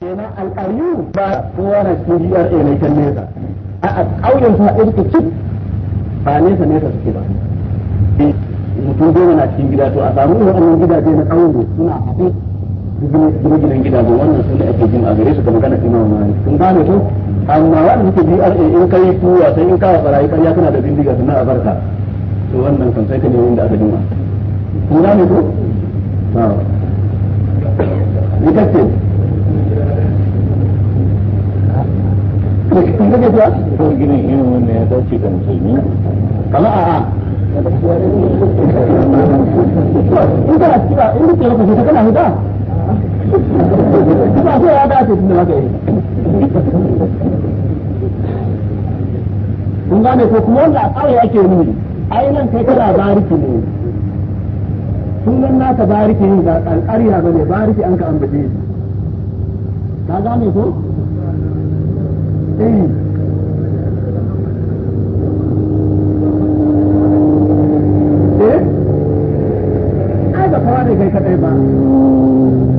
kenan alƙaryu ba kowa na cikin jiyar a mai can nesa a a ƙauyen suna ɗaya suke cin ba nesa nesa suke ba eh, mutum goma na cikin gida to a samu waɗannan gidaje na ƙauye suna haɗe gine-ginen gidaje wannan sun da ake jin a gare su ga magana imam malik sun gane to amma waɗanda suke jiyar a in kai kuwa sai in kawo barayi ƙarya kana da bindiga suna a barka to wannan kan sai ka nemi da aka jima kun gane ko? ita ce ko gina irin wannan ya dace da musulmi kama a'a in in huta kuma ko ya yi kun gane ko kuma wanda a kawai ake nuni ai nan kai kana bariki ne kun nan naka bariki ne ba alƙarya ne bariki an ka ambace ka gane ko Eh? ai ba kawa da kai kadai ba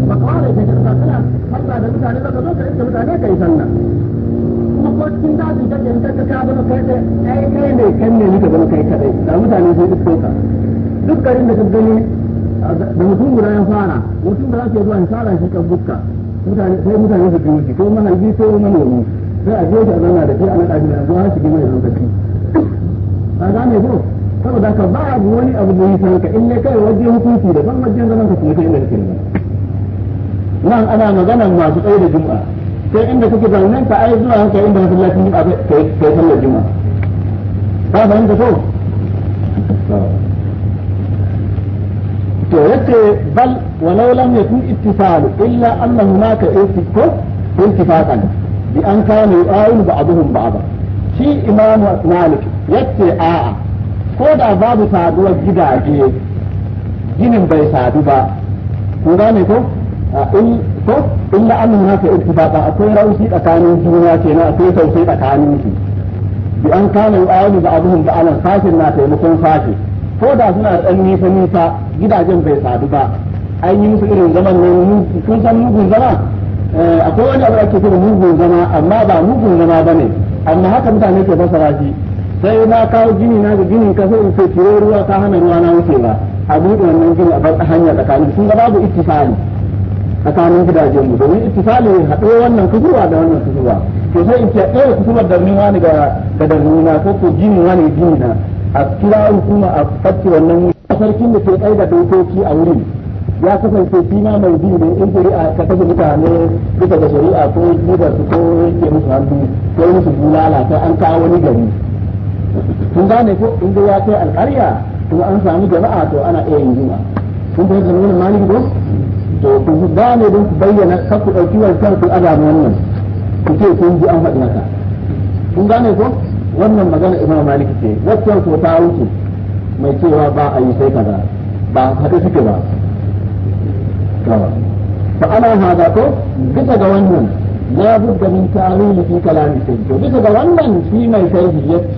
ba kawa da kai kadai ba kana falla da mutane ba ka zo ka iska mutane kai sallah kuma ko cikin dajin ka janta ka ka zama kai da ai kai ne kan ne ka zama kai kadai da mutane sun isko ka dukkanin garin da ka gani da mutum guda ya fara mutum da za ke zuwa ya fara shi kan bukka mutane sai mutane su biyo shi ko mahalbi ko manomi sai a je da zauna da kai a naɗa gina yanzu har shige mai lokaci ka gane ko saboda ka ba abu wani abu da yi san ka in ne kai waje hukunci da ban wajen zaman ka kuma kai inda kake nan ana magana masu tsaye da juma'a sai inda kake zaune ka ai zuwa ka inda masallacin juma'a kai kai sallar juma'a ba ka fahimta ko to yace bal walau lam yakun ittisalu illa anna hunaka ittifaq ittifaqan bi an kanu ayin ba ba shi imamu malik yace a'a ko da babu saduwar gidaje ginin bai sadu ba kun gane ko in ko in la amin haka ittifaqa akwai rausi tsakanin juna kenan akwai tausayi tsakanin su bi an kana yu'alu ba'dhum ba'alan fashin na taimakon fashi ko da suna da dan nisa nisa gidajen bai sadu ba an su irin zaman ne kun san mugun zama Eh, akwai wani abu ake kira mugun zama amma ba mugun zama ba ne amma haka mutane ke fasara shi sai na kawo gini na ga ginin kasa in sai ciro ruwa ta hana ruwa na wuce ba a buɗe wannan gini a bar hanya tsakanin sun ga babu ittifali tsakanin gidajen mu domin ittifali haɗo wannan kusurwa da wannan kusurwa to sai in ce ɗaya eh, kusurwar da ni wani ga da ni na ko ko gini wani gini na a kira hukuma a fatti wannan sarkin da ke tsaye da dokoki a wurin ya kasance shi ma mai bi ne in shari'a ka kashe mutane bisa da shari'a ko jiba su ko yake musu hannu ko musu bulala ta an kawo wani gari kun gane ko in ya kai alƙarya kuma an samu jama'a to ana iya yin jima kun ta yadda wani maliki ko to ku gane don ku bayyana kar ku ɗauki wancan ku adamu wannan ku ce kun ji an faɗi haka kun gane ko wannan magana imam malik ce wacce ko ta wuce mai cewa ba a yi sai kaza ba haka suke ba فعلى هذا كو بس جوانن لا بد من تعليل في كلام سيدو بس جوانن فيما يسيه يتش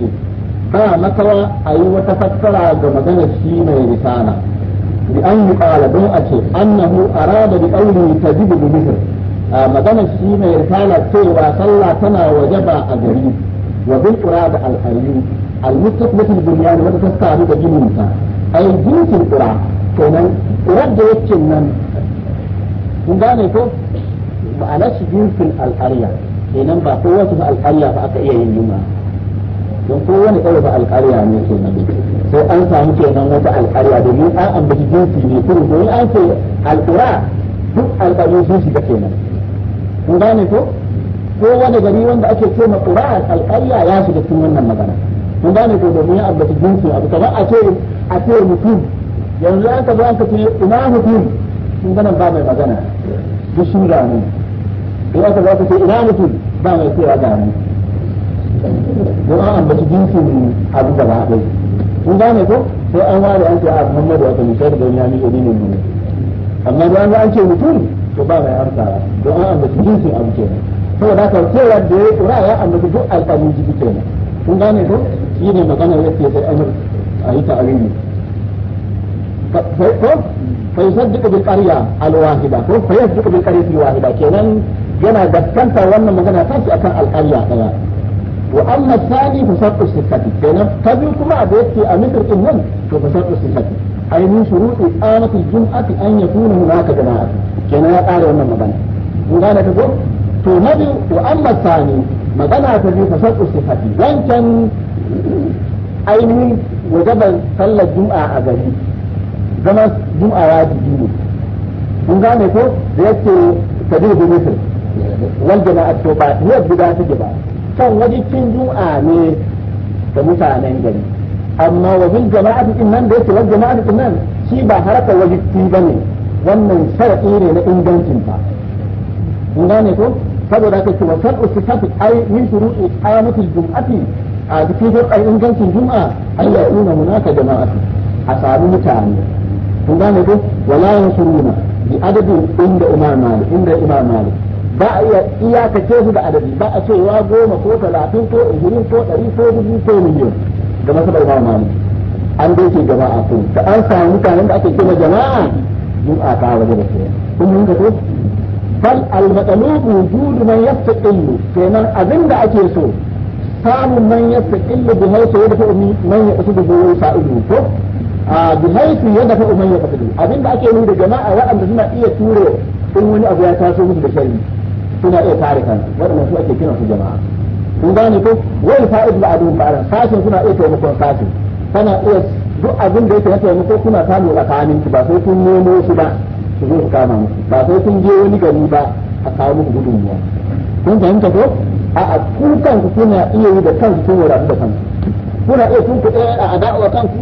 با مكوا أي أيوة وتفكر على مدن الشيما يرسانا لأن يقال دون أتش أنه أراد بقوله تجيب بمثل آه، مدن الشيما يرسانا تي وصلى تنا وجبا أجريب وبين أراد الحريب المتق مثل بنيان وتفكر على مدن الشيما أي جنس القرآن كنن رد يتشنن kun gane ko ma'ana nashi jinsin alƙarya kenan ba ko wasu alƙarya ba aka iya yin yunwa don ko wani kawai ba alƙarya ne kenan sai an samu kenan wata alƙarya domin an ambaci jinsi ne kurin domin an ce alƙura duk alƙarya sun shiga kenan kun gane ko ko wani gari wanda ake ce ma ƙura alƙarya ya shiga cikin wannan magana kun gane ko domin ya ambaci jinsi abu kamar a ce a ce mutum yanzu an ka zo an ka ce ina mutum sun gana ba mai magana duk sun gano ya aka za ta ce ina mutum ba mai cewa gano don an ambaci jinsin abu da ba ɗai sun gane ko sai an ware an ce a ah, muhammadu wata misali da ya miƙe ne ne ne amma da an an ce mutum to ba mai amsa don an ambaci jinsin abu kenan saboda haka cewa da ya kura ya ambaci duk alƙalin jiki kenan sun gane ko shi ne magana ya ce sai an yi ta'arini ko ko al-wafida فيصدق بالقرية الواحدة فيصدق al الواحدة kenan yana gaskanta wannan magana ta su akan alƙarya ɗaya wa amma sani fasaqu sifati kenan ta biyu kuma abu yake a misr din nan to fasaqu sifati ai min shuruti qamati jum'ati an yakuna hunaka jama'a kenan ya ƙara wannan magana mun gane ta ko to na biyu wa amma sani magana ta biyu fasaqu sifati wancan ainihin wajaban sallar jum'a a gari zama jum'a ya wajibi ne kun gane ko da yake kabir bin misr wanda na to ba ne guda take ba kan cin jum'a ne ga mutanen gari amma wajen jama'at din nan da yake wal jama'at din nan shi ba haraka harakar wajibi bane wannan shar'i ne na ingancin ta kun gane ko saboda haka ce wa shar'u sifati ai min shuru'i qiyamatil jum'ati a cikin shar'in ingancin jum'a an ya'una hunaka jama'atu a samu mutane kun gane ko wala yansuruna bi adadin inda Umar Malik inda Imam Malik ba a iya iyakace su da adadi ba a wa goma ko talatin ko ishirin ko ɗari ko dubu ko miliyan da masabar Imam Malik an dai ke jama'a ko da an samu mutanen da ake kira jama'a a ka waje da su kun mun ga ko bal al matalubu wujudu man yastaqillu kenan abin da ake so samun man yastaqillu bi haythu yadfa man yaqsudu bi sa'idu ko bihaitu yadda dafa umar ya fasali abin da ake nuna jama'a waɗanda suna iya turo in wani abu ya taso musu da shari suna iya kare kansu waɗanda su ake kiran su jama'a kun gane ko wani fa'id da adun ba sashin suna iya taimakon sashin tana iya duk abin da yake na taimako kuna samu tsakanin ki ba sai kun nemo shi ba su zo su kama musu ba sai kun je wani gari ba a kawo muku gudunmuwa kun fahimta ko a ku kanku kuna iya yi da kansu kun wadatu da kansu. kuna iya kun kuɗe a da'awa kanku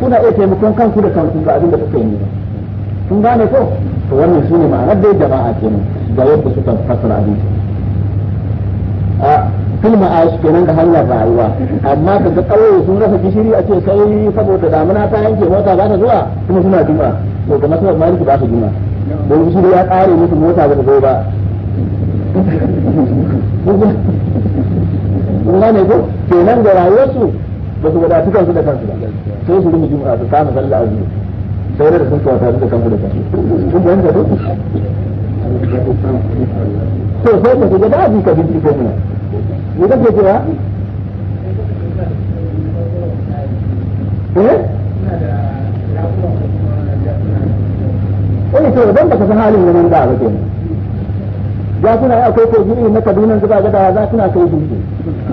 kuna iya taimakon kanku da kanku ga abin da kuka yi ba kun gane ko to wannan ne ma'anar da jama'a kenan da yadda suka fasara abin a filma a shi kenan da hanyar rayuwa amma ka ga kawai sun rasa gishiri a ce sai saboda damuna ta yanke mota ba ta zuwa kuma suna juma to ga masarar maliki ba su juma don gishiri ya kare musu mota ba ta zo ba kun gane ko kenan da rayuwarsu ba su wadatu kansu da kansu sai su rufe juma'a su kama sallah azumi sai da sun kawata da kansu da kansu kun fahimta ko to sai mu ga babu ka bin ko mun ne kake kira eh wani eh, to don baka san halin wannan da ba kenan ya kuna akwai ko ne na Kaduna zuba ga da za kuna kai jiri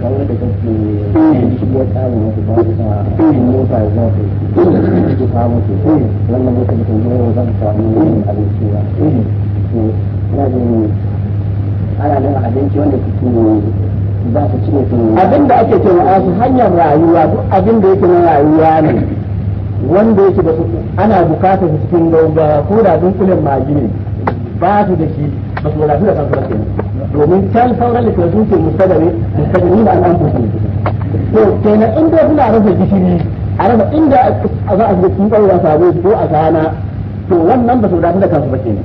kawo da kake shigo tsarin wasu ba su sa mota za su yi ta wannan mota da kan zuwa za samu abinci ba to da jin ana nan abinci wanda suke za su cire su abin da ake ce ma su hanyar rayuwa duk abin da yake na rayuwa ne wanda yake da su ana bukatar su cikin gaugawa ko da dunkulen magi ne ba su da shi ba su wadatu da kansu ba kenan domin can sauran littattafai ke mustadari mustadari da an fusa to kenan in dai suna rasa gishiri a rasa inda a za a shiga cikin ƙauyen sabo ko a kana to wannan ba su da kansu ba kenan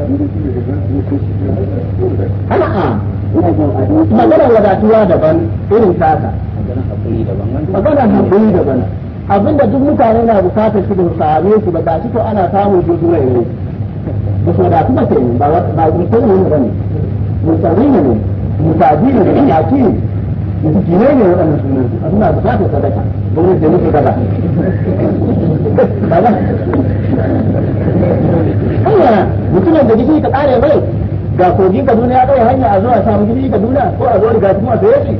a'a magana wadatuwa daban irin tasa magana hakuri daban abinda duk mutane na bukatar shi da same su ba gashi to ana samun su zuwa ne ba su wadatu ba ta ba ba mutum ne ba ne Mutane ne mutane ne ne a ne miskinai ne waɗannan sunan su suna bukatar sadaka gwamnati da musu kaza kaza hanya mutumin da gishiri ka ƙare mai ga kogi kaduna ya ɗaya hanya a zuwa samu ka kaduna ko a zuwa riga kuma a shi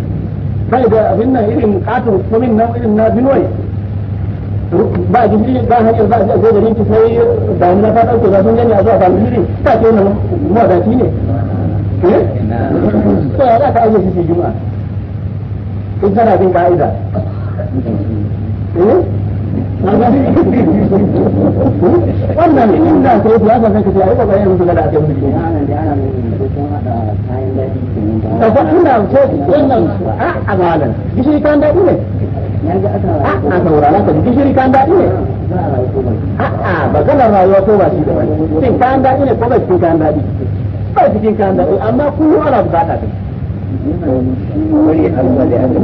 kai ga abin nan irin katon kumin nan irin na binuwai ba gishiri ba hanyar ba zai zai da rinki sai damina ta ɗauke ba sun gani a zuwa samu gishiri ta ce wannan mawadaci ne eh? Sai shi juma'a in kana bin ka'ida wannan in da sai ya san kace ai ba yanzu da ake mutu kan ba ina so wannan a amalan gishiri kan daɗi ah, ini? Ah, a saurara ka gishiri kan daɗi ne a'a maganar ini? ko ba shi da wani shin kan ini? ne ko ba cikin kan daɗi ba cikin kan daɗi amma kullum ana bukata ta an su a'a ya alaƙi da ya yanzu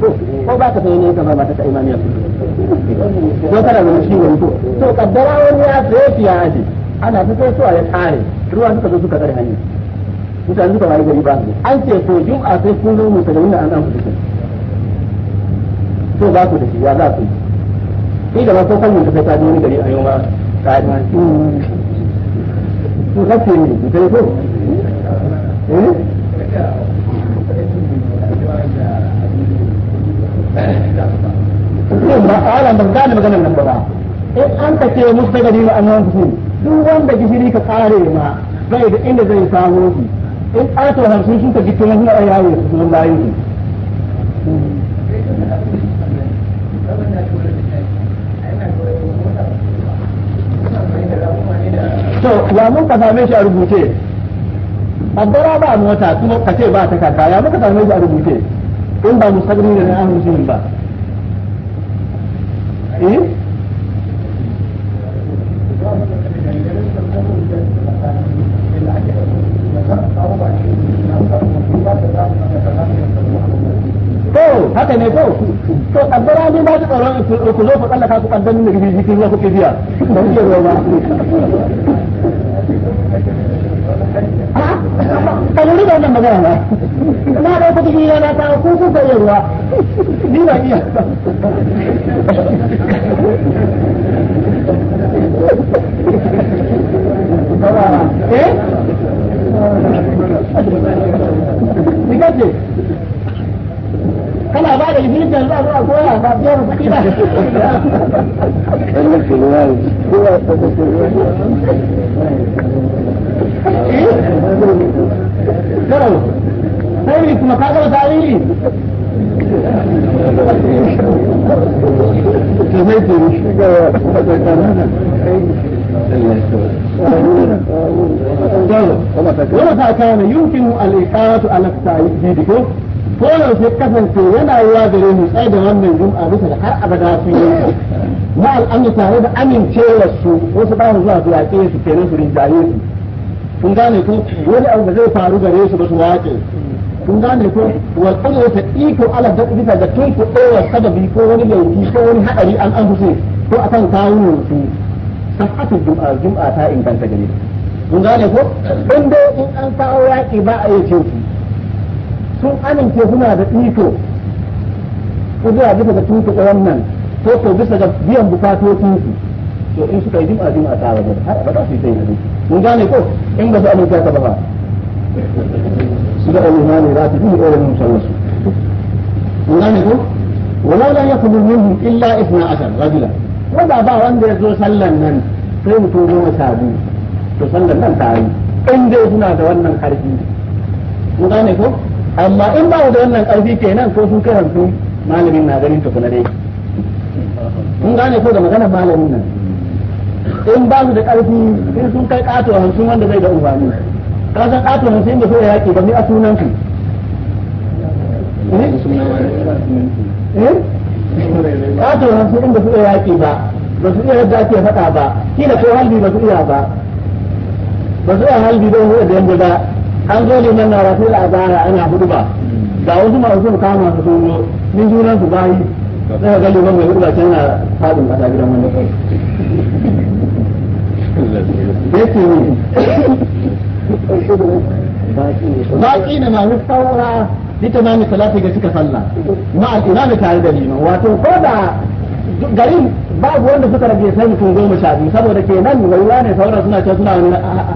ko ko ba ka ka ko wani to kaddara wani ya ta ruwa suka zo suka tsare hanyar mutane suka wani gari ba an ce to jum'a sai kun zo mu ta da wannan an an so za ku da shi ya za ku yi da wasu ko da mutu kai gari a yau ma ka yi ma su kafe ne su kai ko ba eh? a gane maganar nan ba in an ka ce musu daga an duk wanda gishiri ka kare ma zai da inda zai samu in ƙato hamsin sun ka jikin wani a su sun bayan su ya mun ka same shi a rubuce abbara ba mota kuma ka ce ba ta kaka ya muka same shi a rubuce in ba musabri ne ba eh haka ne to to kaddara ne ba ta tsaron ku zo ku tsallaka ku kaddamin da gidi jikin ya ba ku ba a lura da wannan magana ba na da kuɗi shi yana kawo ko kuka yi ruwa ni ba iya eh ni kana ba da iblis da zuwa zuwa goya ba biyar kuɗi ba Karau, sai ne kuma ka gaba tarihi. Ka mai turu shi ga ومتى كان يمكن الإشارة على التأييد ko sai kasance yana yiwa gare mu tsaye da wannan jum'a bisa da har abada sun yi na al'amma tare da amincewar su wasu ba su zuwa zuwa ke su kenan su rinjaye su kun gane ko wani abu da zai faru gare su ba su wace kun gane ko wa kudu ta iko ala da bisa da tun ku dora sababi ko wani laifi ko wani haɗari an an fusi ko akan kawunan su sahatu jum'a jum'a ta inganta gare kun gane ko in dai in an kawo yaƙi ba a yi cewa. su sun amince suna da iko ko zuwa bisa ga tuka wannan ko ko bisa ga biyan bukatotin su to in suka yi jima jima ta wajen har za su yi sai yanzu mun gane ko in ba su amince ka ba su ga Allah ne za su yi ko da mun san su mun gane ko wala la yaqbul minhum illa 12 rajula wanda ba wanda ya zo sallan nan sai mutum goma sha biyu to sallan nan ta yi in dai suna da wannan karfi mun gane ko amma in ba da wannan ƙarfi kenan ko sun kai malamin na ganin kuna dai kun gane ko da magana malamin nan in ba su da ƙarfi sai sun kai ƙato a hansun wanda zai da umarni ka san ƙato hansun da so ya yaƙi ba ni a sunan su eh? eh? ƙato hamsin da so ya yaƙi ba ba su iya yadda ake faɗa ba kila ko halbi ba su iya ba ba su iya halbi don huwa da yanzu ba an zo liman na rasul a baya ana hudu ba ga wasu masu kama su sun ni sunan su bayi sai ga gani mai hudu ba can na fadin kasa gidan wani yake ne baki ne masu saura dita na misalafi ga suka sallah ma'a ina da tare da liman wato ko da garin babu wanda suka rage sai mutum goma sha biyu saboda kenan waiwa ne sauran suna can suna wani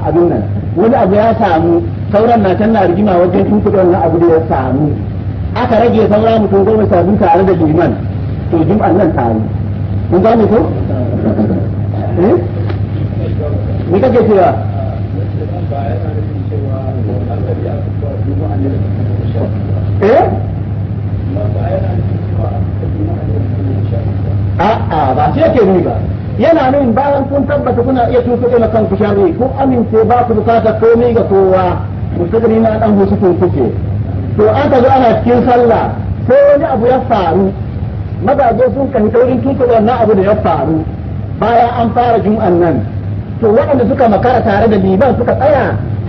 abin nan wani abu ya samu sauran na can na rigima wajen tuntuɓe wannan abu da ya samu aka rage sauran mutum goma sha biyu tare da liman to jum'an nan tare kun ne ko eh me kake cewa eh a'a ba shi yake ni ba yana nan bayan kun tabbata kuna iya tuntuɓe kan ku sharri ko amince ba ku bukata komai ga kowa mustadri na dan husu kun kuke to an ka ana cikin sallah ko wani abu ya faru mazaje sun kan taurin tuntuɓe wannan abu da ya faru bayan an fara jum'an nan to waɗanda suka makara tare da liban suka tsaya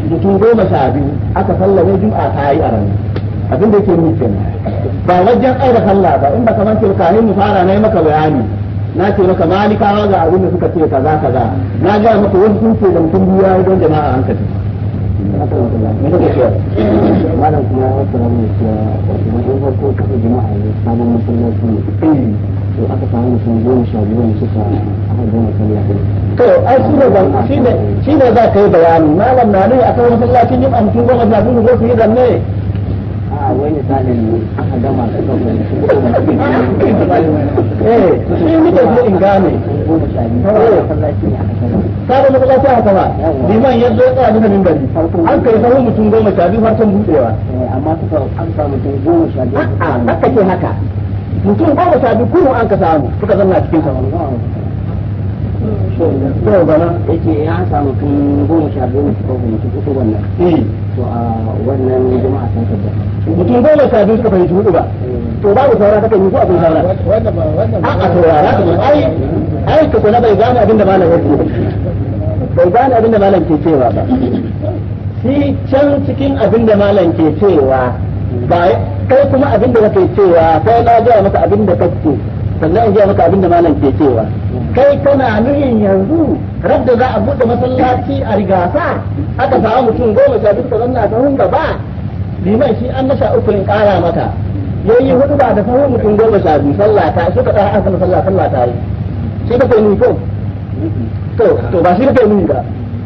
mutum goma sha biyu aka sallame jum'a ta yi a ran abin da yake nufin ba wajen aida sallah ba in ba kamar kirkanin mu fara na yi maka bayani na ce maka malikawa ga abin da suka ce kaza kaza na ga maka wani sun ce da mutum biyu don jama'a an hankali malam kuma wasu ramu cewa wasu a farko jama'a ne sabon masallaci ne to aka samu mutum goma sha biyu ne suka aka goma sallah to ai shi ne ban shi ne shi ne za ka yi bayani malam na ne akan masallacin yin amfani goma sha biyu ko su yi zanne a wani misalin aka gama eh, sabon aka liman ya an kai sahun mutum goma sha biyu har can eh, amma an sa mutum goma sha biyu aka haka mutum goma sha biyu an ka samu suka zanna cikin sahun yau bana ce ya samu tun goma sha biyu ko goma mutum uku wannan eh. to a wannan jama'a sun tabbata mutum goma sha biyu suka fahimci hudu ba eh. to babu saura ta kan yi ko abin saura a a saurara ta ba ai ai ka kula bai gane abin da malam yake bai gane abin da malam ke cewa ba shi can cikin abin da malam ke cewa ba kai kuma abin da kake cewa sai na gaya maka abin da kake sannan in ji maka abin da malam ke cewa kai kana nuhin yanzu radda za a buɗe masallaci a rigasa aka samu mutum goma sha duk zanna na sahun gaba liman shi an nasha uku in ƙara maka yayi hudu ba da sahun mutum goma sha biyu sallah ta ɗaya an aka sallah sallah ta yi shi ka kai ni ko to to ba shi ka kai ni ba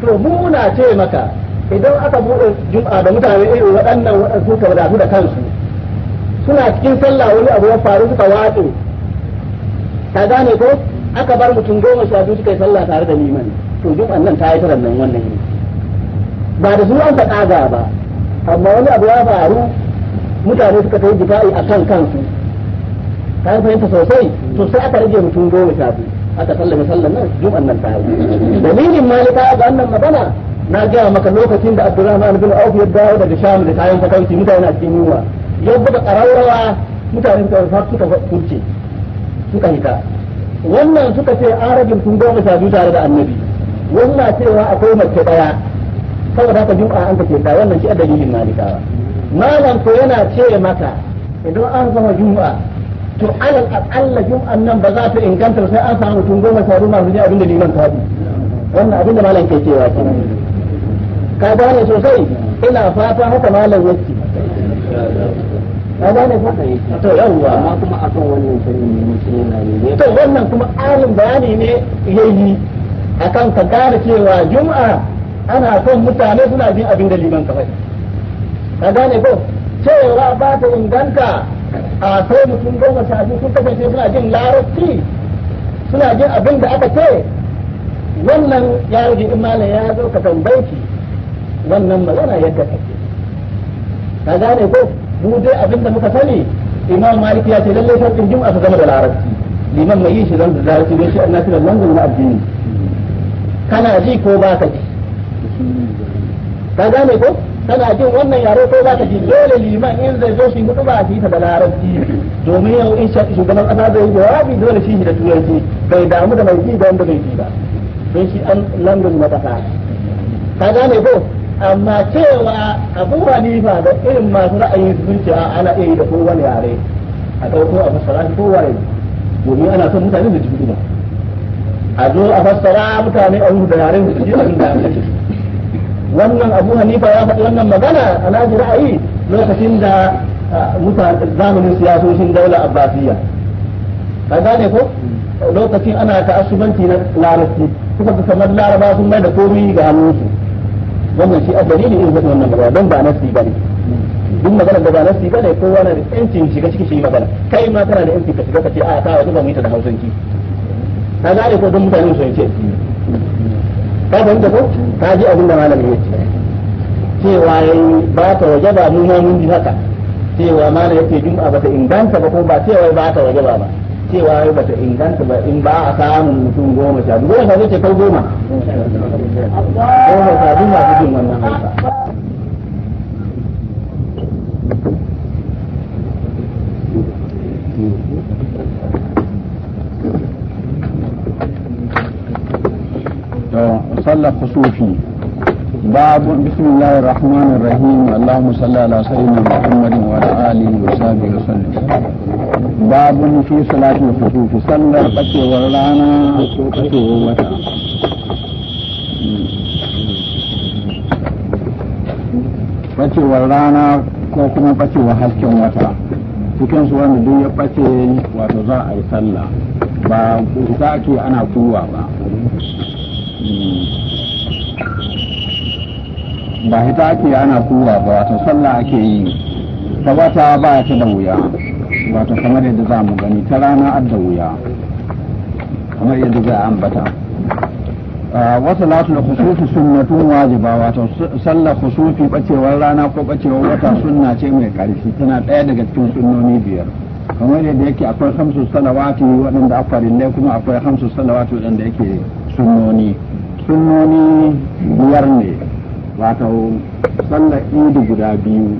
to mu na ce maka idan aka buɗe juma'a da mutane irin waɗannan waɗansu ka wadatu da kansu suna cikin sallah wani abu ya faru suka watse ka gane ko aka bar mutum goma sha biyu suka yi sallah tare da mani. to jum'an nan ta yi taran nan wannan yi ba da zuwan ta kaga ba amma wani abu ya faru mutane suka kai jifa'i a kan kansu Ta yi fahimta sosai to sai aka rage mutum goma sha biyu aka sallame sallan nan jum'an nan ta yi dalilin malika ga wannan magana na gaya maka lokacin da Abdulrahman bin Auf ya dawo daga Sham da kayan fatauci mutane a cikin yunwa ya buga ƙararrawa mutane suka furce suka ta wannan suka ce arabin sun goma sha biyu tare da annabi wannan cewa akwai mace daya saboda ka jum'a an kace ta wannan shi a dalilin malikawa malam ko yana ce maka idan an zama jum'a to alal aqalla jum'an nan ba za ta inganta sai an samu tun goma sha biyu masu ne abinda liman ta wannan abinda malam ke cewa ka gane sosai ina fata haka malam yake ka gane fa to yawwa amma kuma akan wannan shirin ne mutum yana ne to wannan kuma alin bayani ne yayi akan ka gane cewa juma'a ana son mutane suna jin abin da liman ka faɗi ka gane ko cewa ba ta inganta a sai mutum goma sha biyu sun kasance suna jin larabci suna jin abin da aka ce wannan ya rage in malam ya zo ka tambayi wannan magana yadda kake ka gane ko mu dai abin da muka sani imam malik ya ce lalle sharɗin jum'a su zama da larabci liman mai yin shi zan da larabci ne shi annabi da wannan na addini kana ji ko ba ka ji ka gane ko kana jin wannan yaro ko ba ka ji dole liman in zai zo shi gudu ba shi ta da larabci domin yau in shugaban kasa zai yi jawabi dole shi da turanci bai damu da mai ji da wanda bai ji ba don shi an london matasa ka gane ko amma cewa abu hanifa da irin masu ra'ayin zuciya ana iya yi da kowane yare a ɗauko a fassara kowane domin ana son mutane da ji a zo a fassara mutane a da yaren su ji abin da wannan abu hanifa ya faɗi wannan magana a naji ra'ayi lokacin da mutane zamanin siyasoshin daular abbasiyya ka gane ko lokacin ana asubanci na larabci kuma kamar laraba sun mai da komi ga hannunsu wannan shi a dalilin irin wannan magana don ba nasi bane duk magana da ba nasi bane kowa na da yancin shiga cikin shi magana kai ma kana da yancin ka shiga ka ce a ta wajen ba mu yi ta da hausanci ka gane ko don mutane su ce ka fahimta ko ka ji abin da na ya ce cewa yi ba ta waje ba mu ma mun ji haka cewa malamin yake jum'a ba ta inganta ba ko ba cewa ba ta waje ba ba cewa ba ta inganta ba in ba a samun mutum goma sha biyu goma sha ce kai goma goma sha biyu masu jin wannan hausa صلى خصوصي باب بسم الله الرحمن الرحيم اللهم صل على سيدنا محمد وعلى اله وصحبه وسلم باب في صلاة الخسوف صلى قتي ورانا قتي وتا قتي ورانا ko kuma bacewa hasken wata cikin su wani duk ya bace wato za a yi sallah ba za a ce ana kuwa ba ba hita ake ana kowa ba wato sallah ake yi ta wata ba ta da wuya wato kamar yadda za mu gani ta rana da wuya kamar yadda za a ambata wasu latul khusufi sunnatun wajiba wato sallar khusufi bacewar rana ko bacewar wata sunna ce mai karfi tana ɗaya daga cikin sunnoni biyar kamar yadda yake akwai hamsu salawati waɗanda akwai kuma akwai hamsu salawati waɗanda yake sunnoni sunnoni biyar ne wato sallar idi guda biyu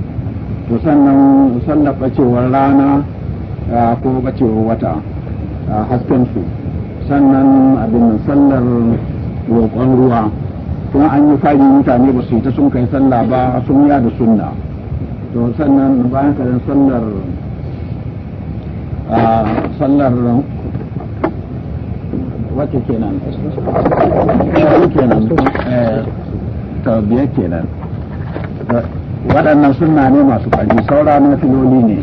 to sannan sallar bacewar rana ko bacewar wata hasken su sannan abin sallar roƙon ruwa kuma an yi fari mutane ba su yi ta sun kai sallah ba sun ya da sunna to sannan bayan karin sallar sallar wacce kenan kenan eh, sau biyar kenan waɗannan suna ne masu ƙarfi saura na filoli ne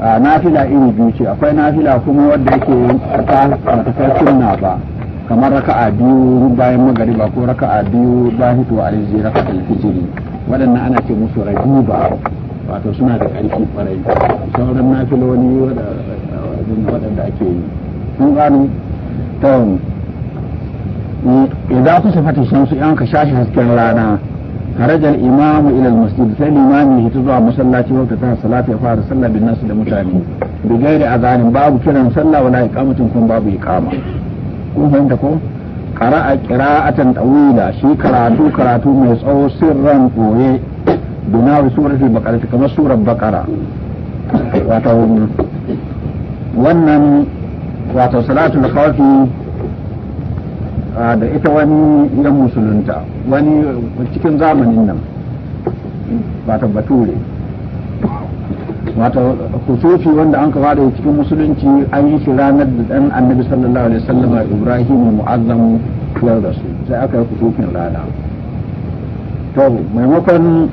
a nafila iri biyu ce akwai nafila kuma wadda yake ta matakar sunna ba kamar raka a biyu bayan magariba ko raka a biyu bayan a alhaji raka a alfijiri waɗannan ana ce musu rajiba wato suna da ƙarfi ƙwarai sauran nafiloli waɗanda ake yi sun gano idan su sifata shamsu in ka hasken rana harajar imamu ila masjid limami ya zuwa masallaci wata ta salatu ya fara sallah bin nasu da mutane bi gairi azanin babu kiran sallah wala iqamatin kun babu mai tsawo sirran koye wato salatul khawfi da ita wani ya musulunta wani cikin zamanin nan wata bature wata kusurfi wanda an kafa da cikin musulunci an yi shi ranar da dan annabi sallallahu alaihi wasallam ibrahim mu'azzam kuwar da su sai aka yi kusurfin rana to maimakon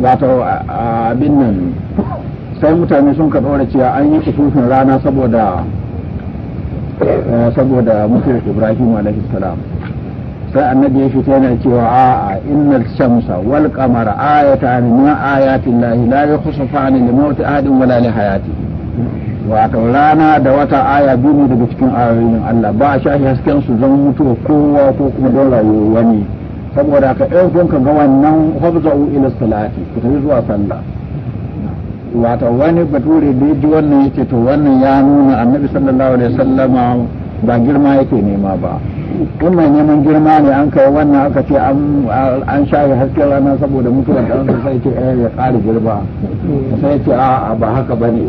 wata abin nan sai mutane sun ka ɗora cewa an yi kusurfin rana saboda Eh, saboda mutum ibrahim alaihi salam sai annabi ya fita yana cewa a'a innal shamsa wal qamara ayatan min ayatin lahi la yakhsufani li mawti ahadin wala li hayati wato rana da wata aya biyu daga cikin ayoyin Allah ba a shafi hasken su zan mutuwa kowa ko kuma don rayuwar wani saboda ka ɗaukun ka ga wannan hafza'u ila salati ku tafi zuwa sallah wato wani bature da ji wannan yake to wannan ya nuna annabi sallallahu alaihi wasallama ba girma yake nema ba in mai neman girma ne an kai wannan aka ce an shaye hasken rana saboda mutuwar ɗansa sai ce eh, ya kare girma sai ce a ba haka ba ne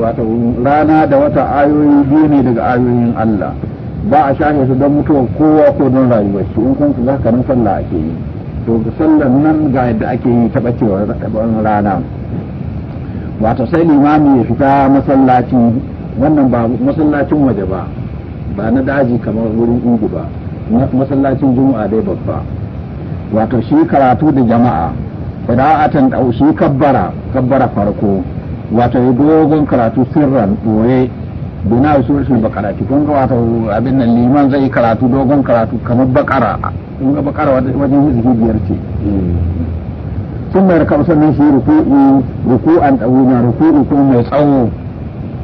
wato rana da wata ayoyi biyu ne daga ayoyin Allah ba a shaye su don mutuwar kowa ko don rayuwar shi in kun za ka nan sallah ake yi to sallar nan ga yadda ake yi ta bacewar rana wato sai limami ya fita masallacin wannan ba masallacin waje ba ba na daji kamar wurin ungu ba masallacin juma'a dai babba wato shi karatu da jama'a qira'atan da shi kabbara kabbara farko wato dogon karatu sirran boye bina suratul baqara ki kun ga wato abin nan liman zai karatu dogon karatu kamar bakara kun ga bakara wajen hizbi biyar ce sun mai rakabu sannan shi ruku'u ruku'an na ruku'u kuma mai tsawo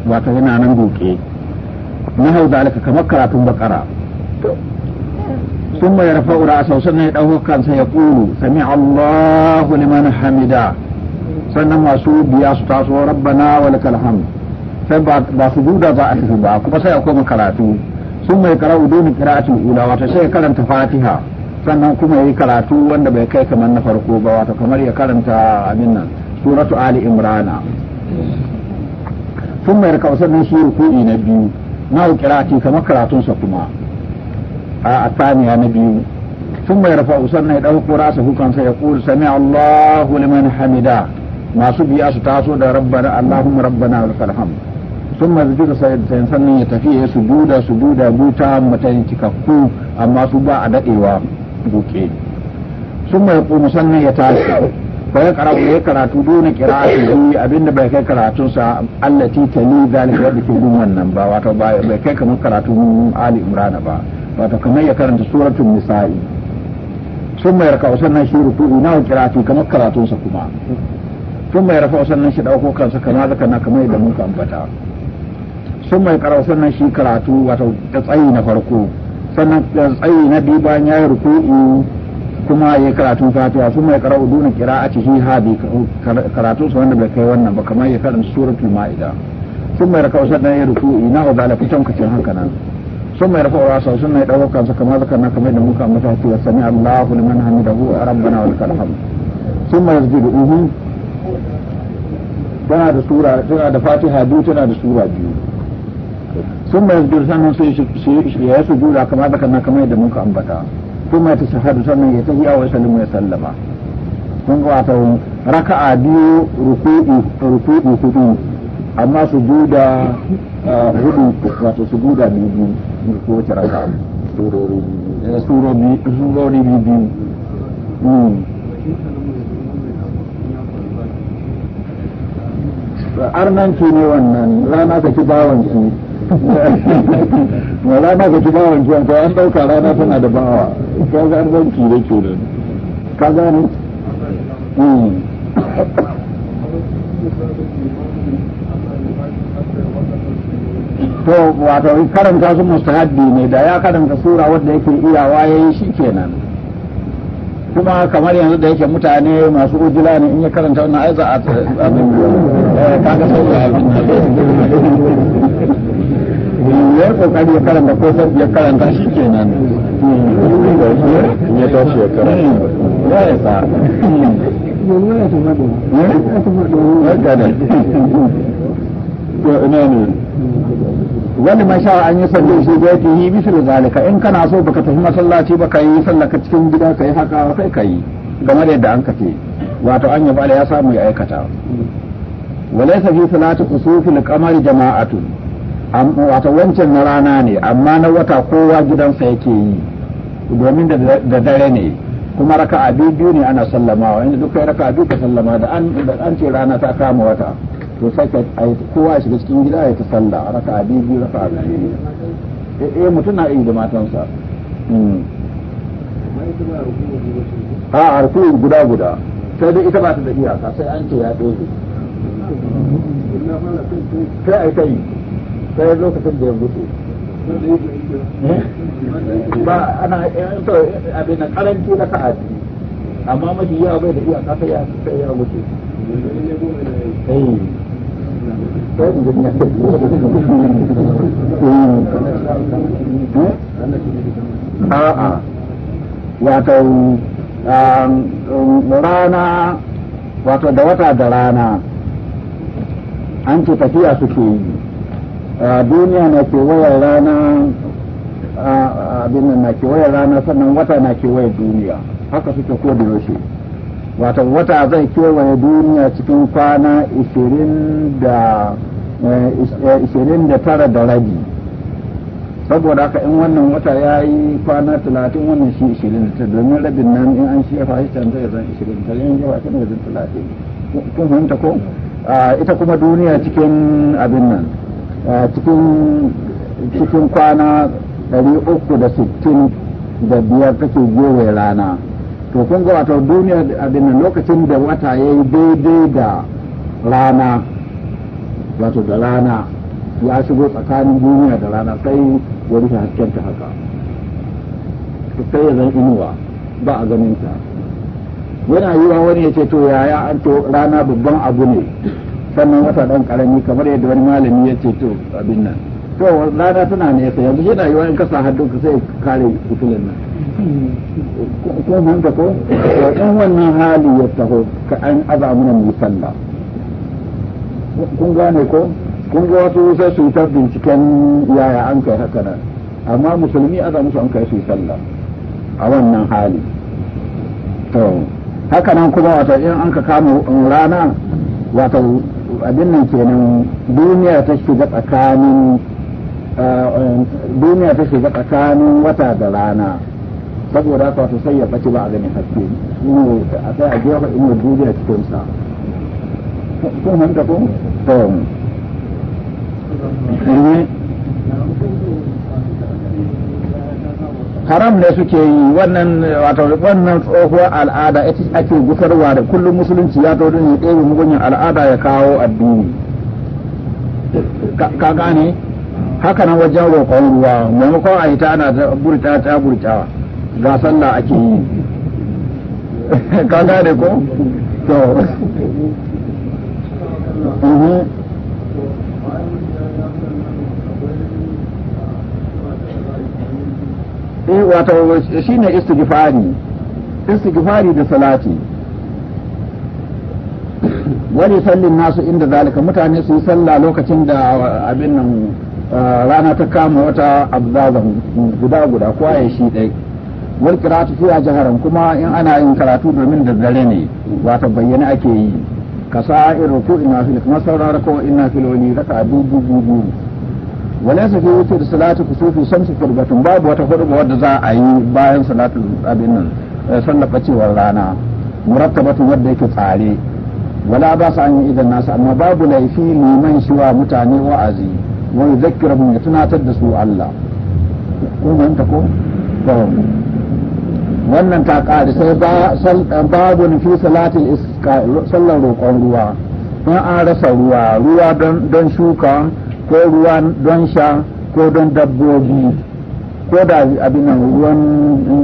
wato yana nan duke na hau zalika kamar karatun bakara sun mai a sausan sannan ya ɗauko kansa ya ƙuru sami Allahu liman hamida sannan masu biya su taso rabbana na lakal sai ba su duda za a tafi ba kuma sai a koma karatu sun mai karau duni kira'atul ula wata sai karanta fatiha sannan kuma yi karatu wanda bai kai kamar na farko ba wata kamar ya karanta abin nan suratu ali imrana sun mai rikau sannan shi ruku'i na biyu na kira'ati kamar karatunsa kuma a ataniya na biyu sun mai rafa na ya ɗauko rasa hukansa ya ƙuri sami Allahu liman hamida masu biya su taso da rabbana Allahumma rabbana wa sun ma zujuda sayan sannan ya tafi ya sujuda sujuda buta matayin cikakku amma su ba a dadewa buke sun ma yaqumu ya tashi fa ya qara'u karatu dole qira'atu abinda bai karatun sa allati tali zalika da ke gun ba wato bai kai kamar karatun Ali Imran ba wato kamar ya karanta suratul nisa'i sun ma yarka'u shi ruku'u na qira'atu kamar sa kuma sun mai rafa shi dauko kansa kama zaka na kamar da muka ambata sun mai karar sannan shi karatu wato da tsayi na farko sannan da tsayi na biyu bayan ya yi ruku'u kuma ya yi karatu fatiha sun mai karau duna kira a cikin habi karatu su wanda bai kai wannan ba kamar ya karanta suratul ma'ida sun mai rakau sannan ya ruku'u na wa zalafi tankacin haka nan sun mai rafa wasa sun mai ɗaukar kansa kamar zakar na kamar da muka mata cewa sami Allahu liman hamidahu rabbana wa lakal hamd sun mai da uhu tana da sura tana da fatiha biyu tana da sura biyu sun mai zuwa sannan su ya su jura kamar da kana kamar yadda muka ambata sun mai ta shahadu sannan ya ta hiya wa salimu ya sallama kun ga wata raka'a biyu ruku'u ruku'u hudu amma su juda hudu wato su juda biyu ko wace raka'a surori biyu surori biyu arnanci ne wannan rana ta ci bawanci wala rana ka ci bawan kiwon an ɗauka rana tana da bawa ka ga an zan kire kire ka gane hmm. to wato karanta su ne da ya karanta sura wadda yake iyawa yayi shi kuma kamar yanzu da yake mutane masu ujula ne in ya karanta wannan a abin eh, kaga ya yi kokari ya karanta ko sai ya karanta shi kenan ya tashi ya karanta ya yi sa wani masha an yi da yake yi zalika in kana so baka tafi masallaci ba yi sallar cikin gida ka yi haka kai ka yi da yadda an kafe wato an yi bala ya samu ya aikata walaysa fi salati usufi al-qamari jama'atun wata wancan na rana ne amma na wata kowa gidansa yake yi domin da dare ne kuma raka a biyu ne ana sallamawa inda duk kai raka a biyu ka sallama da an ce rana ta kama wata to sake kowa shiga cikin gida ya ta salla raka a biyu raka a biyu eh, eh mutum na iya da matansa hmm. a harku guda guda sai dai ita ba ta da iyaka sai an ce ya ɗoge a yi sai lokacin da ya mutu eh? ba ana eh, to abin da karanci na sa'a amma mafi yawa bai da iyaka sai ya sai ya gudu eh. a'a wato um, um, rana wato da wata da rana an ce tafiya suke yi duniya na kewayen rana abin na kewayen rana sannan wata na kewayen duniya haka suke ko da yaushe wata wata zai kewaye duniya cikin kwana 29 eh, da rabi saboda haka in wannan wata ya yi kwana 30 wannan shi 29 domin rabin nan in an shi ya fashi can zai zan da yin yawa shi ne zan 30 kun fahimta ko ita kuma duniya cikin abin nan Eh, cikin cikin kwana 360 da biyar take gowe rana to kun ga wato duniya abin lokacin da wata ya yi daidai da rana wato da rana ya shigo tsakanin duniya da rana sai ya ta haskenta haka sai ya zan inuwa ba a ganin ta yana yiwa wani ya ce to yaya an to rana babban abu ne sannan wata dan karami kamar yadda wani malami ya ce to abin nan to rana tana ne sai yanzu yana yi in kasa hannun ka sai kare kutulin nan kun hanta ko in wannan hali ya taho ka an aza mana mu sallah kun gane ko kun ga wasu sai su ta binciken yaya an kai haka nan amma musulmi aza musu an kai su sallah a wannan hali to haka nan kuma wata in an ka kama rana wata abin nan kenan duniya ta shiga tsakanin duniya ta shiga tsakanin wata da rana saboda haka wato sai ya ɓace ba a gani haske ino a sai a jefa ino duniya cikin sa kun hanta ko to haram ne suke yi wannan wato wannan tsohuwar al'ada ita ake gusarwa da kullum musulunci ya tauri ya ɗaya mugunyin al'ada ya kawo addini ka gane haka nan wajen roƙon ruwa maimakon a ita ana burta ta burtawa ga sallah ake yi ka gane ko to mhm. eh wato shine istighfari istighfari da salati wani sallin nasu inda zalika mutane su yi sallah lokacin da uh, abin nan uh, rana ta kama wata abzazan guda guda kowa ya shi dai wal karatu fiya jaharan kuma in ana yin karatu domin da dare ne wato bayyana ake yi ka ku ina fil kuma ko inna fil wani raka dubu dubu wala su fi wutur salatu kusufi shamsu furgatun babu wata hudu wadda za a yi bayan salatu abin nan eh, sallar bacewar rana murakkabatun wadda yake tsare wala ba sa an yi idan nasu amma babu laifi liman shiwa mutane wa'azi wa yuzakkiruhum ya tunatar da su Allah kun fahimta ko wannan ta kare sai babu fi salatin sallar roƙon ruwa don an rasa ruwa ruwa don shuka ko ruwa don sha ko don dabbobi ko da abin nan ruwan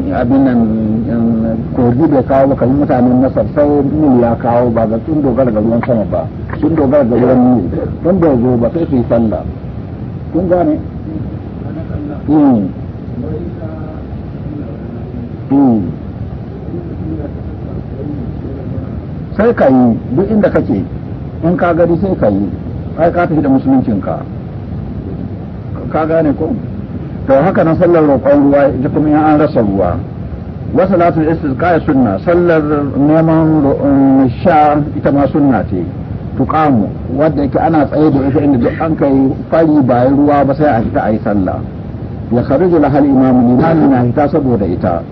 abin nan um, kogi bai kawo ba kamar mutane masar sai nil ya kawo ba ga sun dogara ga ruwan sama ba sun dogara ga ruwan nil tun da zo ba sai su yi sallah kun gane hmm. Hmm. sai ka yi duk inda kake in ka gari sai ka yi ai ka tafi da musuluncinka ka gane ko to haka nan sallar roƙon ruwa ita kuma in an rasa ruwa wa salatul istisqa sunna sallar neman um, sha ita ma sunna ce tuqamu wanda yake ana tsaye da ita inda duk an kai fari bayan ruwa ba sai a fita ayi sallah ya kharuju lahal imamu limami na hita saboda ita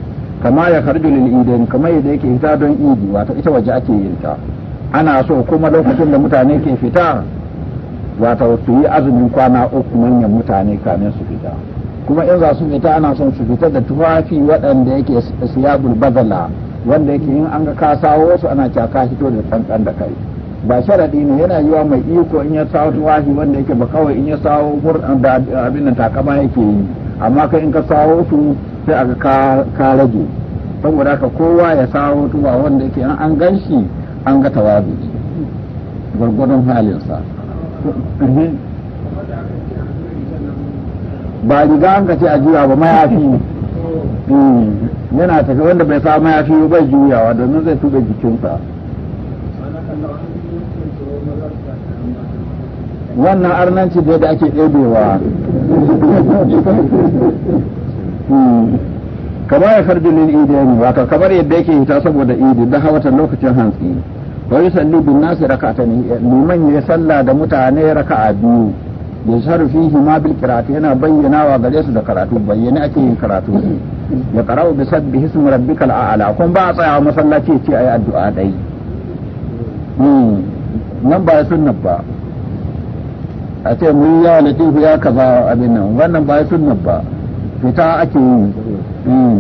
kama ya kharuju lil idin kama yadda yake hita don idi wato ita waje ake yin ta ana so kuma lokacin da mutane ke fita wato su yi azumin kwana uku manyan mutane kamin su fita kuma in za su fita ana son su fita da tufafi waɗanda yake siyabul bazala wanda yake in an ga ka sawo su ana cewa ka fito da kankan da kai ba sharadi ne yana yiwa mai iko in ya sawo tufafi wanda yake ba kawai in ya sawo da abin da takama yake yi amma kai in ka sawo su sai aka ka rage saboda haka kowa ya sawo tuwa wanda yake an gan shi an ga tawazu gwargwadon halinsa ba riga an ka ce a juya ba mayafi hmm. yana tafi wanda bai sa mayafi bai juyawa domin zai tuɓe jikinsa wannan arnanci da da ake ɗebewa hmm. kamar ya farbi lil ba wato kamar yadda yake hita saboda idi da hawatan lokacin hantsi wa yusalli bin nasi rak'atan liman ya salla da mutane raka'a biyu yusharu fihi ma bil qira'ati yana bayyanawa gare su da karatu bayyana ake yin karatu ya qara'u bi sabbi ismi rabbikal a'la kun ba a tsayawa masallaci ce ayi addu'a dai hmm, nan ba sunna ba a ce mu ya latifu ya kaza abin nan wannan ba sunna ba fita ake yi hmm.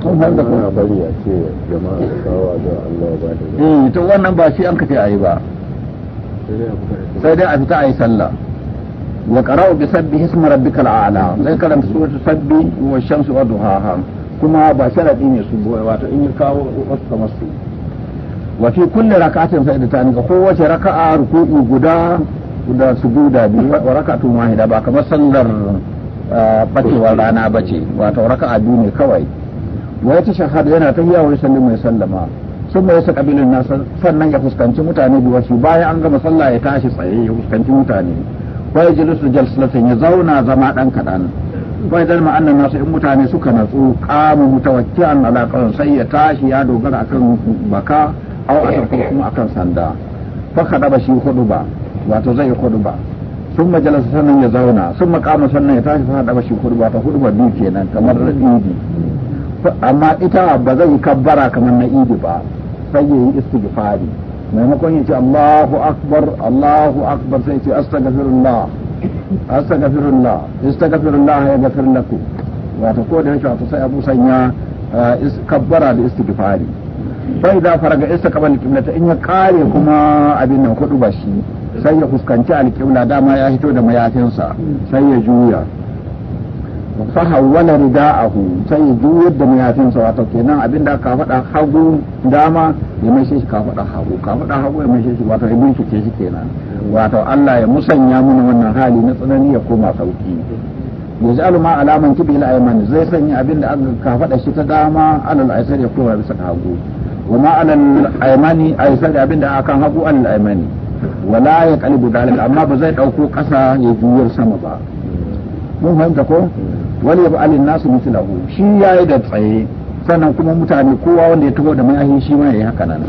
tun har da kuma bari a ce jama'a da kawo da Allah ba da eh to wannan ba shi an kace ayi ba sai dai a fita ayi sallah wa qara'u bi sabbi ismi rabbikal a'la sai kalam suratu sabbi wa shamsu wa duhaha kuma ba sharadi ne su boye wato in ya kawo wasu kamar su wa fi kulli rak'atin sai da tani kowace raka'a ruku'i guda da guda biyu wa rak'atun wahida ba kamar sallar ah, fatewar rana bace wato raka'a biyu ne kawai wa ya shahada yana tahiya wa sallin mai sallama sun ya saka bilin nasa sannan ya fuskanci mutane da wasu bayan an gama sallah ya tashi tsaye ya fuskanci mutane wa ya da jalsalatan ya zauna zama dan kaɗan fa idan ma annan nasu in mutane suka natsu qamu mutawakkian ala qawl sai ya tashi ya dogara akan baka a atarkum kuma akan sanda fa daba shi hudu ba wato zai hudu ba sun majalasa sannan ya zauna sun makama sannan ya tashi fa daba shi hudu ba ta hudu ba biyu kenan kamar radidi amma ita ba zai yi kabbara kamar na idi ba sai ya yi istighfari maimakon ya ce Allahu akbar Allahu akbar sai ya ce astaghfirullah astaghfirullah astaghfirullah ya gafir lakum wato ko da yake wato sai Abu Sanya uh, kabbara da istighfari sai da faraga istiqbal kiblata in ya kare kuma abin nan kudu ba shi sai ya fuskanci alƙibla dama ya hito da mayafinsa sai ya juya fahawwala rida'ahu sai ya juyar da mayafinsa wato kenan abinda ka faɗa hagu dama ya mai shi ka faɗa hagu ka faɗa hagu ya mai shi wato ya bincike shi kenan wato Allah ya musanya mana wannan hali na tsanani ya koma sauki ya ji alama alaman kibi la zai sanya abinda aka ka faɗa shi ta dama alal aisar ya koma bisa hagu wa ma alal aymani aisar abinda aka hagu alal aymani wala ya kalibu dalil amma ba zai dauko kasa ya juyar sama ba mun fahimta ko wani ya fa'alin nasu mislahu shi ya yi da tsaye sannan kuma mutane kowa wanda ya taho da mai shi ma ya yi haka nan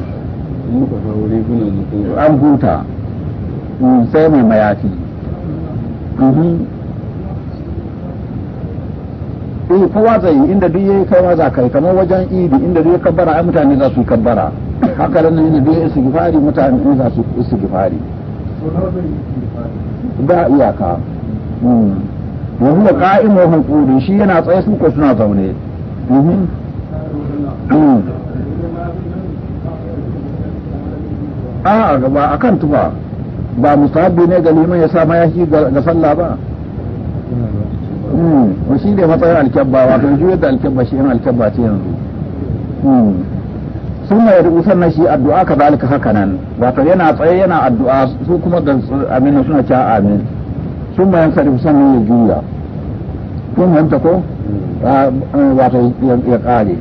an huta mm, sai mai mayafi mhm. eh kowa zai inda duk yayi kai ma za kai kamar wajen idi inda duk ya kabbara ai mutane za su kabbara haka nan inda duk ya gifari mutane za su istighfari ba iyaka mm. wa huwa qa'im wa hum shi yana tsaye su ko suna zaune a gaba kan tuba ba musabbi ne ga liman ya sa shi ga sallah ba wa hmm, shi ne matsayin alkyabba wato juyar da alkyabba shi yana alkyabba ce yanzu hmm. sun mai rubusan na shi addu'a ka zalika haka nan wato yana tsaye yana addu'a su kuma da amina suna cewa amin sun bayan sarrafa sannan ya juya kun hanta ko hmm. ah, eh, wata ya kare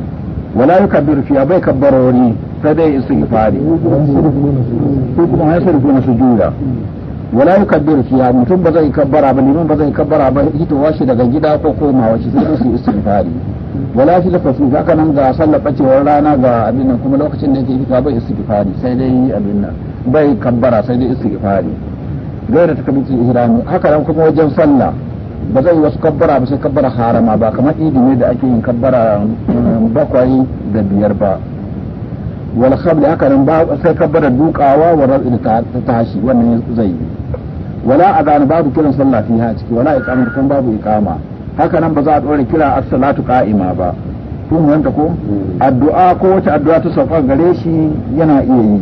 wala yukabbiru fiya bai wani sai dai istighfari fari. kuma ya sarrafa na juya. Hmm. wala yukabbiru fiya mutum ba zai kabbara ba liman ba zai kabbara ba hitowa shi daga gida ko komawa shi sai su fari. wala shi da fasu haka nan ga sallar bacewar rana ga abin nan kuma lokacin da yake fita bai fari, sai dai abin nan bai kabbara sai dai fari. gaira ta kabicin ihrami haka nan kuma wajen sallah ba zai wasu kabbara ba sai kabbara harama ba kamar idi ne da ake yin kabbara bakwai da biyar ba wal khabli haka nan ba sai kabbara dukawa wa rabbi da tashi wannan zai yi wala azan babu kiran sallah fi ha ciki wala iqama kuma babu iqama haka nan ba za a dore kira as-salatu qa'ima ba kun wanda ko addu'a ko wata addu'a ta sauka gare shi yana iya yi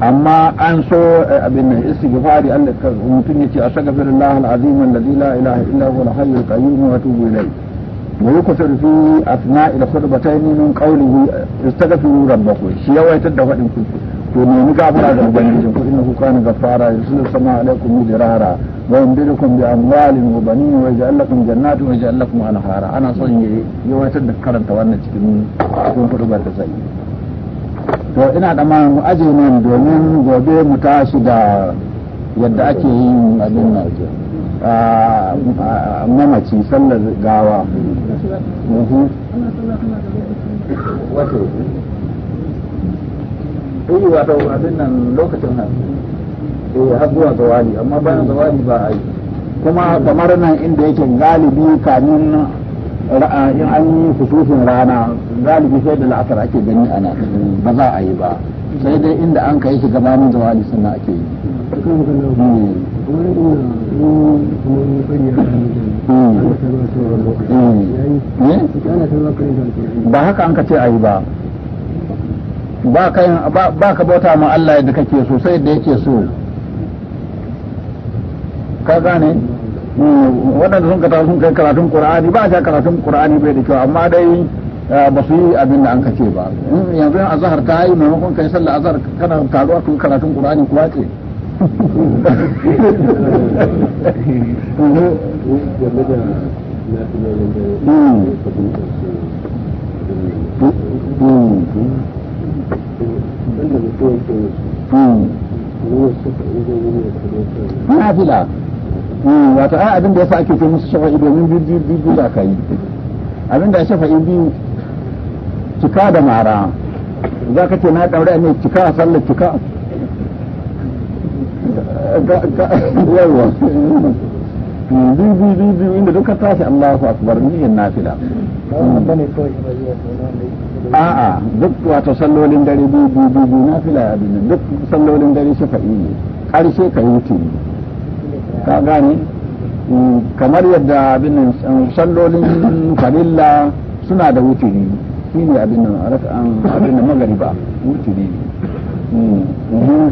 amma an so eh, abin nan istighfari an da mutum a yace astaghfirullah alazim alladhi la ilaha illa huwa al-hayyul qayyum wa atubu ilayh wa yuksar fi asna'i al-khutbatayn min qawlihi istaghfiru rabbakum shi yawaitar da fadin kuku to ne ni gafara da ubangijin kuka innahu gafara ya su sama alaikum mudrara wa yumdidukum bi amwalin wa banin wa yaj'al lakum jannatin wa yaj'al lakum anhara ana son yawaitar da karanta wannan cikin cikin ba ta sai to ina da ma aji nan domin gobe mu tashi da yadda ake yin abin nan mamaci sallar gawa wato yi eh, wato abin nan lokacin nan eh har zuwa zawali amma bayan zawali ba a yi kuma kamar nan inda yake galibi kamin in an yi kususin rana galibi sai da la'asar ake gani ana ba za a yi ba sai dai inda an kai shi gabanin zawali suna ake yi ba haka an ka ce a yi ba ba ka bauta ma Allah yadda kake so sai da yake so ka gane waɗanda sun kata sun kai karatun qur'ani ba a karatun qur'ani bai da kyau amma dai ba su yi abin da an ce ba yanzu yan azhar ta yi maimakon kai sallar azhar kana taruwa karatun kuwa ce Hmm, wato ai abin da yasa ake ce musu shafa'i domin biyu biyu da aka yi abin da shafa'i biyu cika da mara za ka ce na ɗaure ne cika a sallar cika yawa hmm, biyu biyu biyu biyu inda duka tashi Allahu akbar niyyar nafila hmm. a'a duk wato sallolin dare biyu biyu biyu nafila abin duk sallolin dare shafa'i ne ƙarshe ka yi tuni. ka gane mm, kamar yadda abin nan sallolin farilla suna da wuturi shi ne abin nan abin nan magariba wuturi ne mm, mm-hmm.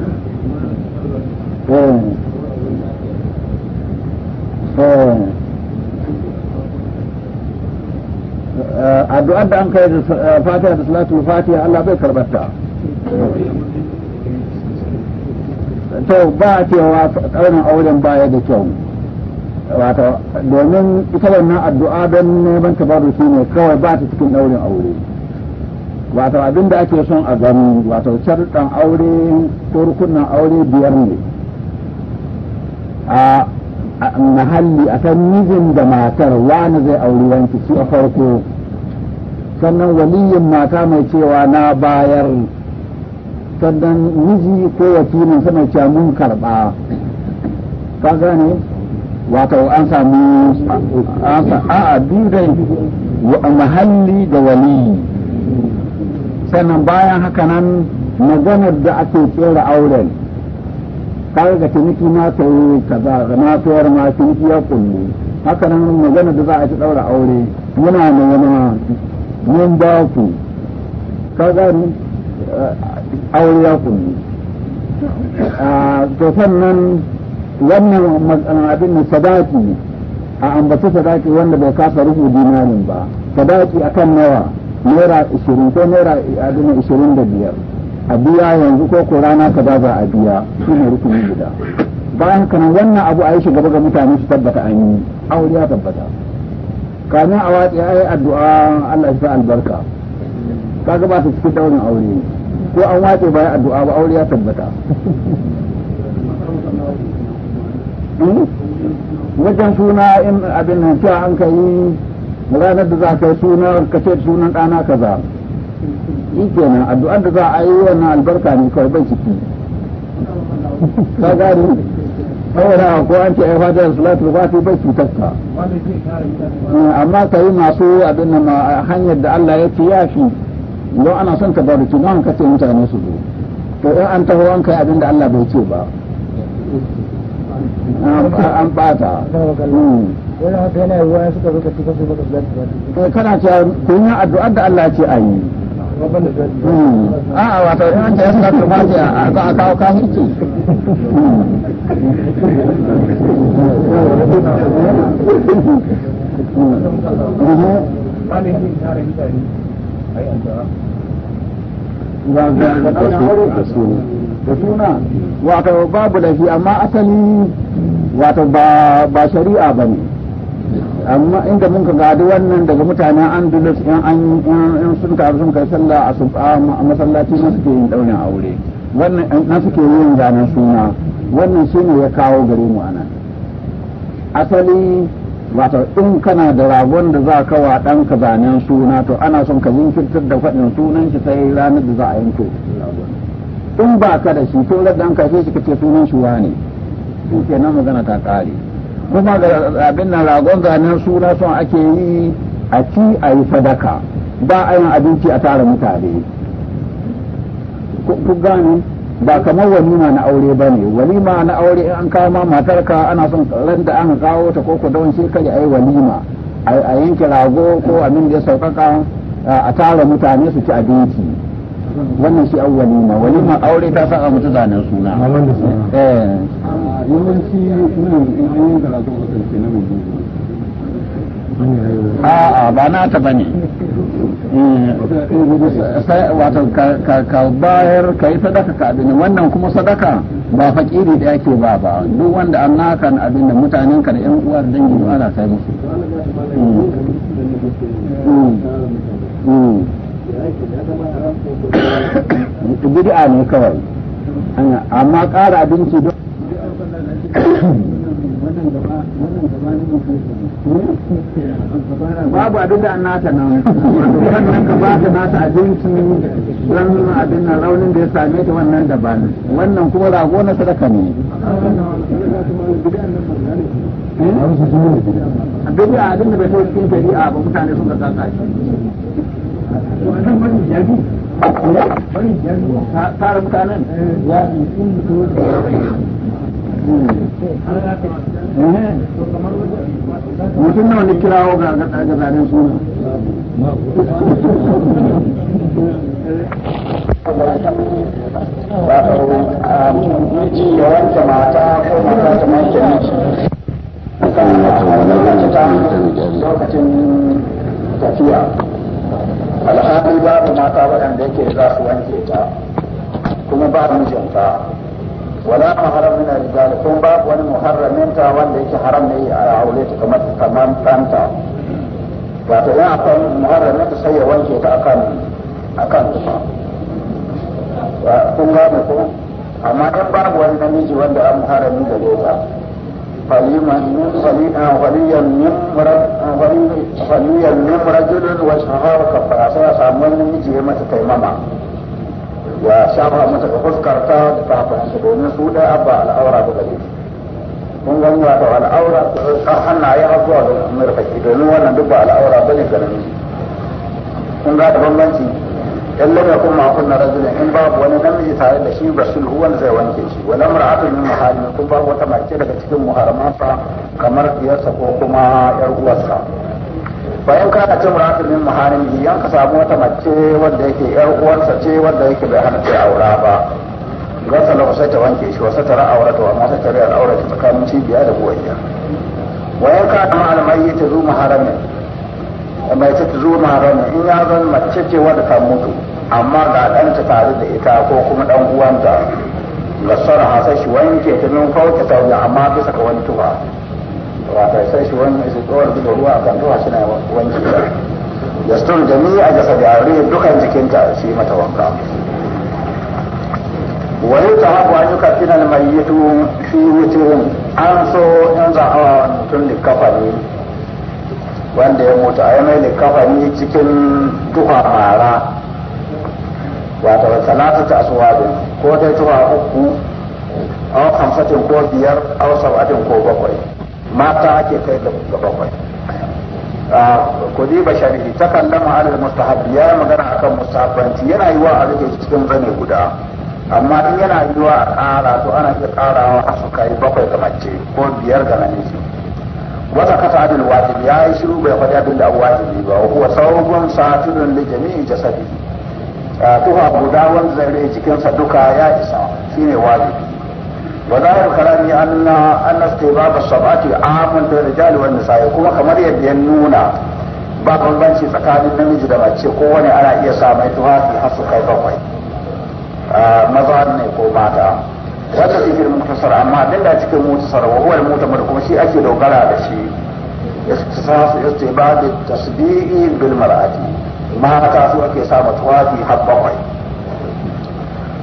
eh. eh. eh, addu'ar da an kai da fatiha da salatu fatiha Allah bai karbata to ba a cewa tsarin auren baya da kyau wato domin ita wannan addu'a don neman tabarruki ne kawai ba ta cikin daurin aure wato abin da ake son a gani wato sharɗan aure ko rukunan aure biyar ne a mahalli a kan mijin da matar wani zai auri wanki shi a farko sannan waliyin mata mai cewa na bayar sannan miji ko wakilin sama ce mun karba ka gane wato an samu a biyu a mahalli da wali sannan bayan haka nan maganar da ake tsere auren Ka ga ciniki na ta yi kaza na tuwar ma ciniki ya kullu haka nan maganar da za a ci daura aure muna ne wani mun ba ku Ka gani Auriyar ya kunni to sannan wannan abin na sadaki a ambaci sadaki wanda bai kasa rubu dinarin ba sadaki akan nawa naira ishirin ko naira abin ishirin da biyar a biya yanzu ko ko rana ka ba za a biya shi ne rukuni guda bayan haka wannan abu a yi shi gaba ga mutane su tabbata an yi aure ya tabbata kamin a watsi ai addu'a Allah ya sa albarka kaga ba ta cikin daurin aure ne ko an wace bayan addu'a ba aure ya tabbata hmm? wajen suna in abin nan cewa an ka yi ranar da za ka yi suna ka ce sunan ɗana kaza yi kenan addu'ar da za a yi wannan albarka ne kawai bai ciki ka gani saboda ko an ce ai fadar salatu ba ta bai cutarka hmm, amma ka yi masu abin nan hanyar da Allah ya ce ya fi don ana son ka bari don haka ce mutane su zo to in an taho an kai abin da Allah bai ce ba an bata yi kana kun yi da Allah ce a yi hmm. a'a wata in an ya suka turba ce a za a kawo mm da wato babu lafi amma asali wato ba shari'a ba ne amma inda mun ka gadi wannan daga mutanen andalus in an in sun taru sun kai sallah a sufa a masallaci na suke yin daunin aure wannan na suke yin zanen suna wannan shine ya kawo gare mu anan asali wato in kana da ragon da za ka wa ɗanka zanen suna to ana son ka jinkirtar da faɗin sunan shi sai ranar da za a yanko in ba ka da shi to da ɗanka sai shi kace sunan shi wane ke nan magana ta ƙare kuma ga abin nan ragon zanen suna son ake yi a ci a yi sadaka ba a yin abinci a tara mutane ku gane ba kamar walima na aure ba ne walima na aure in an kawo ma matarka ana son ran da an kawo ta ko ku don ya ai walima a yanke rago ko abin da ya sauƙaƙa a tara mutane su ci abinci wannan shi an walima walima aure ta sa a mutu zanen suna eh. yawanci na a'a ba na ta ne. Eh, wato ka bayar ka yi sadaka ka abin wannan kuma sadaka ba fakiri da yake ba ba duk wanda an naka abin da mutanen ka da yan uwar dangi ba ana kai musu hmm. hmm. hmm. bid'a ne kawai amma ƙara abinci don wannan gaba wannan gaba ne mun kai babu abin da an nata nan wannan gaba da nata abinci don abin nan raunin da ya same ta wannan daban wannan kuma rago na sadaka ne duk eh? da abin da bai cikin ba mutane sun ga shi mutanen eh, ya sun mutu mutum nawa ne kirawo yang gazaren suna miji ya wanke mata ko mata ta wanke miji lokacin tafiya mata kuma wala maharam min rijal kun babu wani muharramin ta wanda yake haram ne a aure ta kamar kamar tanta wato in akwai ne ta sai ya wanke ta akan akan tufa kun gane ko amma in babu wani namiji wanda an da ta فليا من فليا من رجل وشهر سامون نجي متى تيمما ya shafa mata ga fuskarta da tafansa domin su da abba al'aura ba gare kun gani ta al'aura ka hannaye har zuwa ga murfaki domin wannan duk ba al'aura ba ne ga namiji kun ga da bambanci in lam yakun ma kunna rajulin in babu wani namiji tare da shi ba sulhu wanda zai wanke shi wala mar'atu min muharrim kun babu wata mace daga cikin muharramansa kamar diyarsa ko kuma yar uwarsa bayan ka ce muratu min maharimi yan ka samu wata mace wanda yake yar uwarsa ce wanda yake bai hana ta aura ba gasa da sai ta wanke shi wasa tara aura to amma sai ta rayar aura ta tsakanin cibiya da buwayya wayan ka ta malamai ta zu maharamin mai ta zo maharamin in ya zan mace ce wanda ta mutu amma ga ɗanta tare da ita ko kuma ɗan uwanta gasara sai shi wanke ta min kauta ta amma bisa ka wani tuba wato sai shi wani shi tsohon zuba ruwa a ruwa shi na wanki ya stun jami a gasa da aure dukan jikinta shi mata wanka wani ta haku an yi kafinan mai yi fi wuturin an so in za a mutum da kafani wanda ya mutu a yi mai da kafani cikin duha mara wato talata ta asuwabin ko dai tuha uku aw hamsatin ko biyar aw sab'atin ko bakwai mata ke kai ga bakwai a ah, ji ba shari'i ta kallama alal mustahab ya magana akan mustahabbanci yana yi wa a rike cikin zane guda amma in yana yi wa a ƙara to ana iya ƙarawa a su kai bakwai ga mace ko biyar ga namiji wata kasa adil wajibi ya yi shiru bai faɗi abin da abu wajibi ba wa kuwa sauran satirin da jami'i jasadi ah, tufa guda wanda zai cikinsa duka ya isa shine wajibi وظاهر كلامي أن أن استباب الصفات عام في الرجال والنساء كما كما يدينون باب البنشي فكان النمج دما تشكوني على إيا سامي تهاتي حسو كيف وقوي مظهرني قوماتا والذي في المختصر أما دلنا تكي المختصر وهو المعتمد كما شيء أكيد وقلا بشيء اختصاص استباب التسبيع بالمرأة ما تاسو أكي سامي تهاتي حب وقوي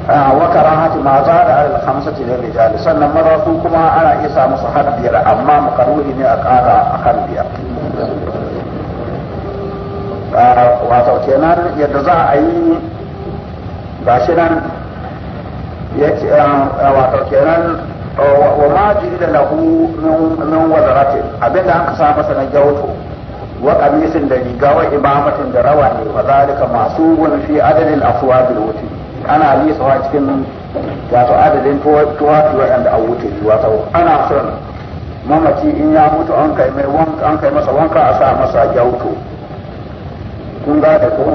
آه، وكراهة ما زاد على الخمسة للرجال سنة مرة كما على إيسا مصحب بير أما مقروه إني أقارا أقل بير آه، واتو كنان يدزا أي باشنان آه، واتو كنان وما جهد له من وزرة أبين لأن قصامة سنة جوتو وقميس لنجاوة إمامة دروني وذلك معصوب في عدد الأفواد الوتين ana lisawa cikin wato adadin tuwafi waɗanda a wuce wato ana son mamaci in ya mutu an kai mai wanka an kai masa wanka a sa masa gyauto kun ga da ko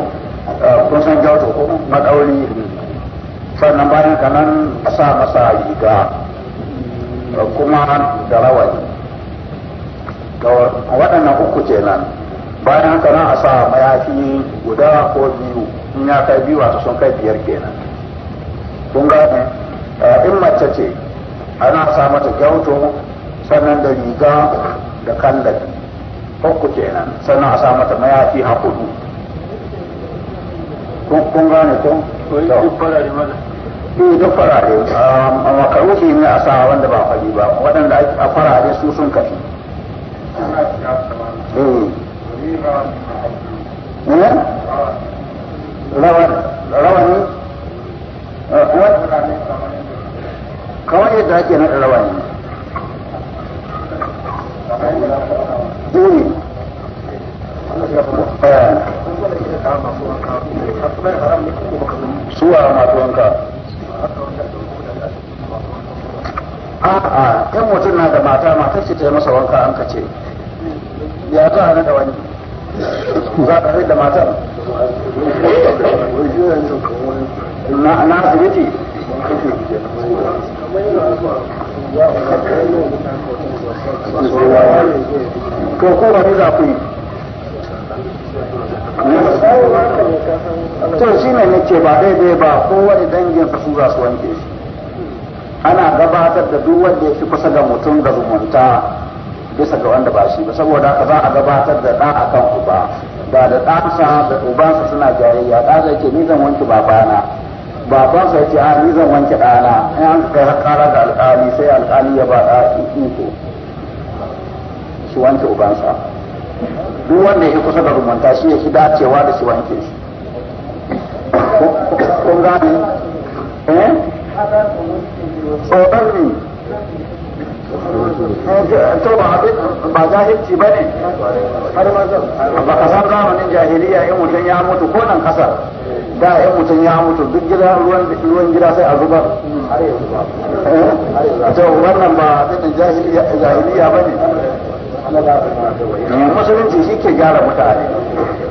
kun san gyauto ko madauri sannan bayan ka nan a sa masa riga kuma da rawani waɗannan uku kenan bayan ka nan a sa mayafi guda ko biyu in ya kai biyu wasu sun kai biyar kenan kun ga eh, eh, in mace ce ana sa mata kyautu sannan da riga da kallabi hukku kenan sannan a sa mata mayafi a hudu kun gane kun? duk farare eh duk farare um, a makaruki ne a sa wanda ba fari ba waɗanda a farare su sun kafi eh rawani eh, kamar yadda ake naɗa rawani dole eh. suwa masu wanka a'a in mutum na da mata matar ce ta yi masa wanka an ka ce ya za a naɗa wani za ka da matar na asibiti to ko za ku yi to shi ne na ce ba daidai ba kowane dangin su za su wanke shi ana gabatar da duk wanda ya fi kusa da mutum ga zumunta bisa ga wanda ba shi ba saboda haka za a gabatar da ɗa a kan uba ba da ɗansa da ubansa suna jayayya ɗa zai ce ni zan wanke babana babansa ya ce a ni zan wanke ɗana in an kai kara da alƙali sai alƙali ya ba ɗa iko shi wanke ubansa duk wanda ya kusa da rumunta shi ya fi dacewa da shi wanke shi kun gani? eh tsoron ne to ba ba jahilci ba ne ba ka san zamanin jahiliya in mutum ya mutu ko nan kasar da in mutum ya mutu duk gida ruwan gida sai a zubar eh? to wannan ba zinin jahiliya ba ne musulunci shi ke gyara mutane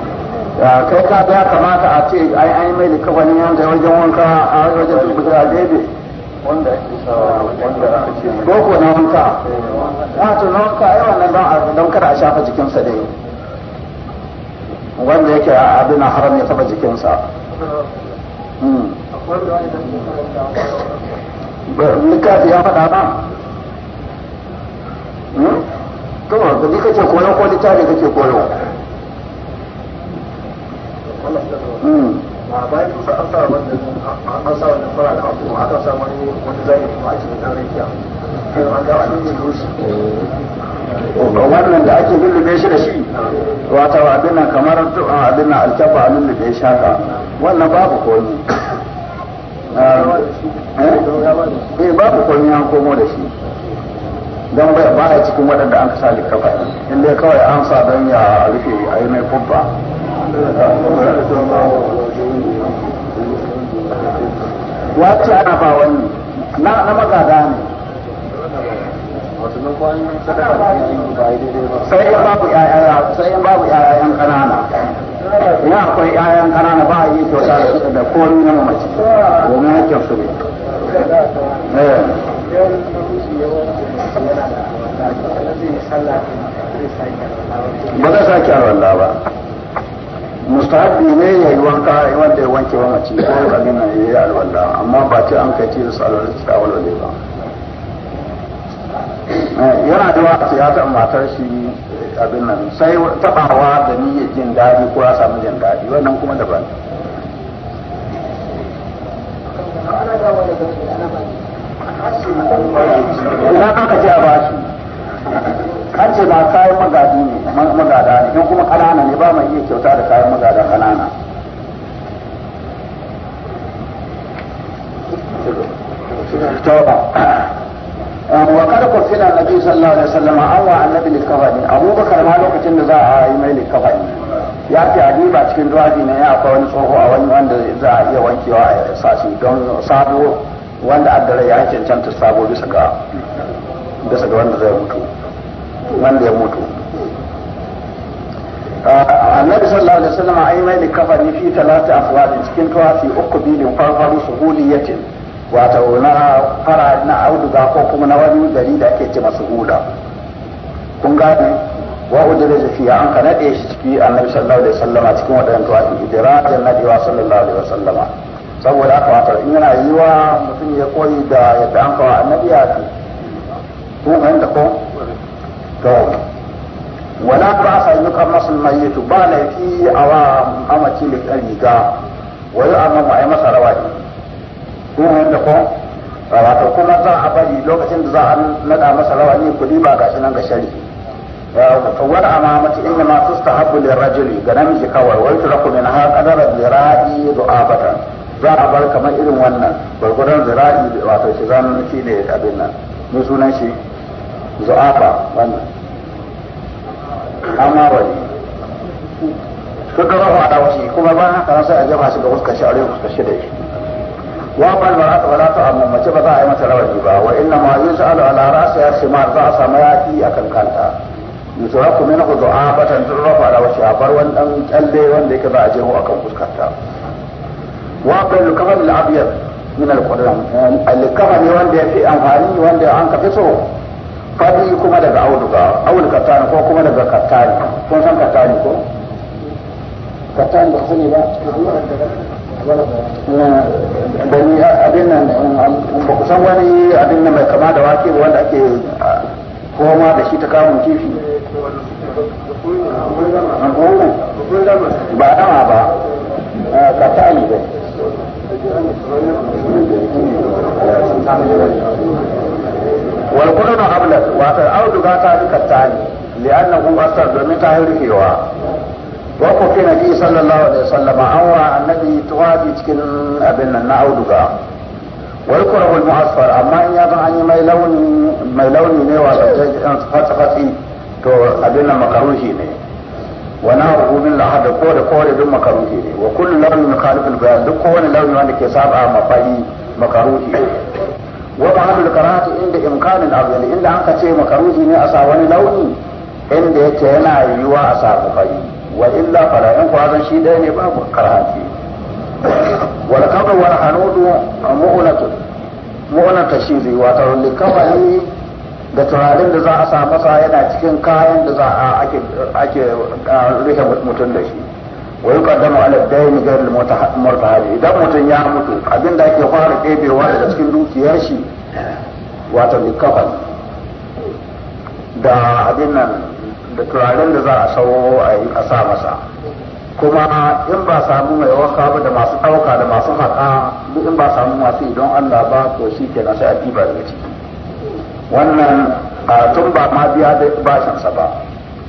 kai ka ya kamata a ce ai ai mai wani wanda wajen wanka a wajen tubuta a daidai wanda boko na wanka wato eh, ah, na wanka ai wannan don don kada a shafa jikinsa dai wanda yake abin haram ya taba jikinsa hmm. Likafi ya faɗa ba? Hmm? To, da ni kake koyo ko littafi kake koyo? bayan hmm. wannan an sa da wannan da ake lullube shi da shi wata abin nan kamar abin nan alkafa a lullube shaka wannan babu komi eh, eh babu komi an komo da shi don ba ya cikin waɗanda an kasa likafa in dai kawai an sa don ya rufe a yi mai kubba wacce ana ba wani na na magada ne sai in babu yaya sai in babu yayan kanana ina akwai yayan kanana ba a yi kyauta da komi na mamaci domin hakkin su ne eh. ba zai sake arwallah ba mustahabi ne ya yi wanka wanda ya wanke wa mace ko ya nan ya yi alwala amma ba ce an kai tilas alwala ta ne ba eh, yana da wa ya ta matar shi eh, abin nan sai tabawa da ya jin daɗi ko ya samu jin daɗi wannan kuma daban kaka ce a bashi an ba kayan magadi ne magada ne in kuma kanana ne ba mai iya kyauta da kayan magada kanana wa kada ku fina nabi sallallahu alaihi wasallam an wa annabi likafani abubakar ma lokacin da za a yi mai likafani ya fi adiba cikin duwaji ne ya akwai wani tsoho a wani wanda za a iya wankewa a sashi don sabo wanda addare ya cancanta sabo bisa ga wanda zai mutu wanda ya mutu ah, annabi sallallahu alaihi wasallam a yi mai ni fi talata afwajin cikin tuwafi uku bilin farfaru su huliyatin wato na fara na auduga ko kuma na wani gari da ake ce masu hula kun gane wa udure zafi an kana nade shi ciki annabi sallallahu alaihi wasallama cikin wadannan tuwafi idrajan nadiwa sallallahu alaihi wasallama saboda haka wato in yana yiwa mutum ya koyi da yadda an kawo annabi ya fi kun fahimta ko to wala ba sa yuka masu mayyitu ba na fi a wa amaci da riga wayo amma mu ai masa ne ko da ko wato kuma za a bari lokacin da za a nada masa rawa ne kudi ba gashi nan ga shari to wala amamati inna ma da rajuli ga namiji kawai wai turaku min ha qadara da abata za a bar kamar irin wannan gurgurar zira'i wato shi zan shi ne abin nan ni sunan shi zu'afa wannan amma wani suka rafa dauki kuma bayan haka nan sai a jefa shi ga fuskar shi a rufe fuskar shi da shi wa ban ba ta wala ta amma mace ba za a yi mata rawani ba wa inna ma yus'alu ala ra'si ya shimar za a samu yaki kan kanta na ku yusraku batan du'afatan turrafa da wasu a bar wani dan kyalle wanda yake za a jeho akan fuskar ta wa ban kamar al-abyad min al-qur'an al-kamar wanda yake amfani wanda an ka fi so fadi kuma daga auduga awul kattani ko kuma daga kattani kun san kattani ko kattani ba sani ba bani abin nan um, ba ku san wani abin nan mai kama da wake wanda ake koma da shi ta kamun kifi ba dama ba kattani ba wal kullu ablas wa ta auduga ta duka tani li'annahu asar domin ta hirfewa wa ku fi nabi sallallahu alaihi wasallam an wa annabi tuwafi cikin abin nan na auduga wal kullu al mu'asfar amma in ya zan an yi mai launi ne launi ne wa ta fatsi to abin nan makaruhi ne wani abu min lahada ko da kowane duk makaruhi ne wa kullu launin mukhalifin bayan duk kowane launi wanda ke saba mafahi makaruhi ne wa da karatu inda imkanin abu inda an ka ce makaruhi ne a sa wani launi inda yake yana yiwuwa a sa kokari wa illa fara in kwazan shi ɗaya ne babu karatu wani kamar wani hanudu mu'unatu mu'nata shi zai wani likafani da turarin da za a sa masa yana cikin kayan da za a ake rike mutum da shi wa dama ala ad-dayn ghayr mota idan mutum ya mutu abin da ake fara ɗebewa daga cikin dukiyar shi wato kafan da abin nan da turaren da za a sawo a yi a masa kuma in ba samu mai waka ba da masu ɗauka da masu haka duk in ba samu masu idan Allah ba to shi ke sai a ɗiba daga ciki wannan tun ba ma biya da bashinsa ba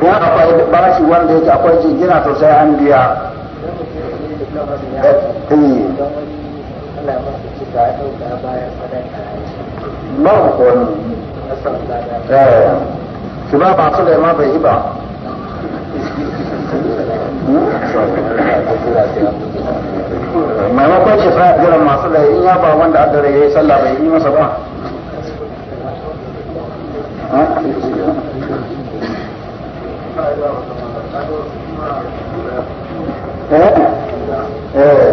in akwai bashi wanda yake akwai jingina to sai an biya ba ku kone eh. ba ba su da ma bai yi ba maimakon shi sa masu da in ya ba wanda adare ya yi sallah bai yi masa ba eh? Eh, eh.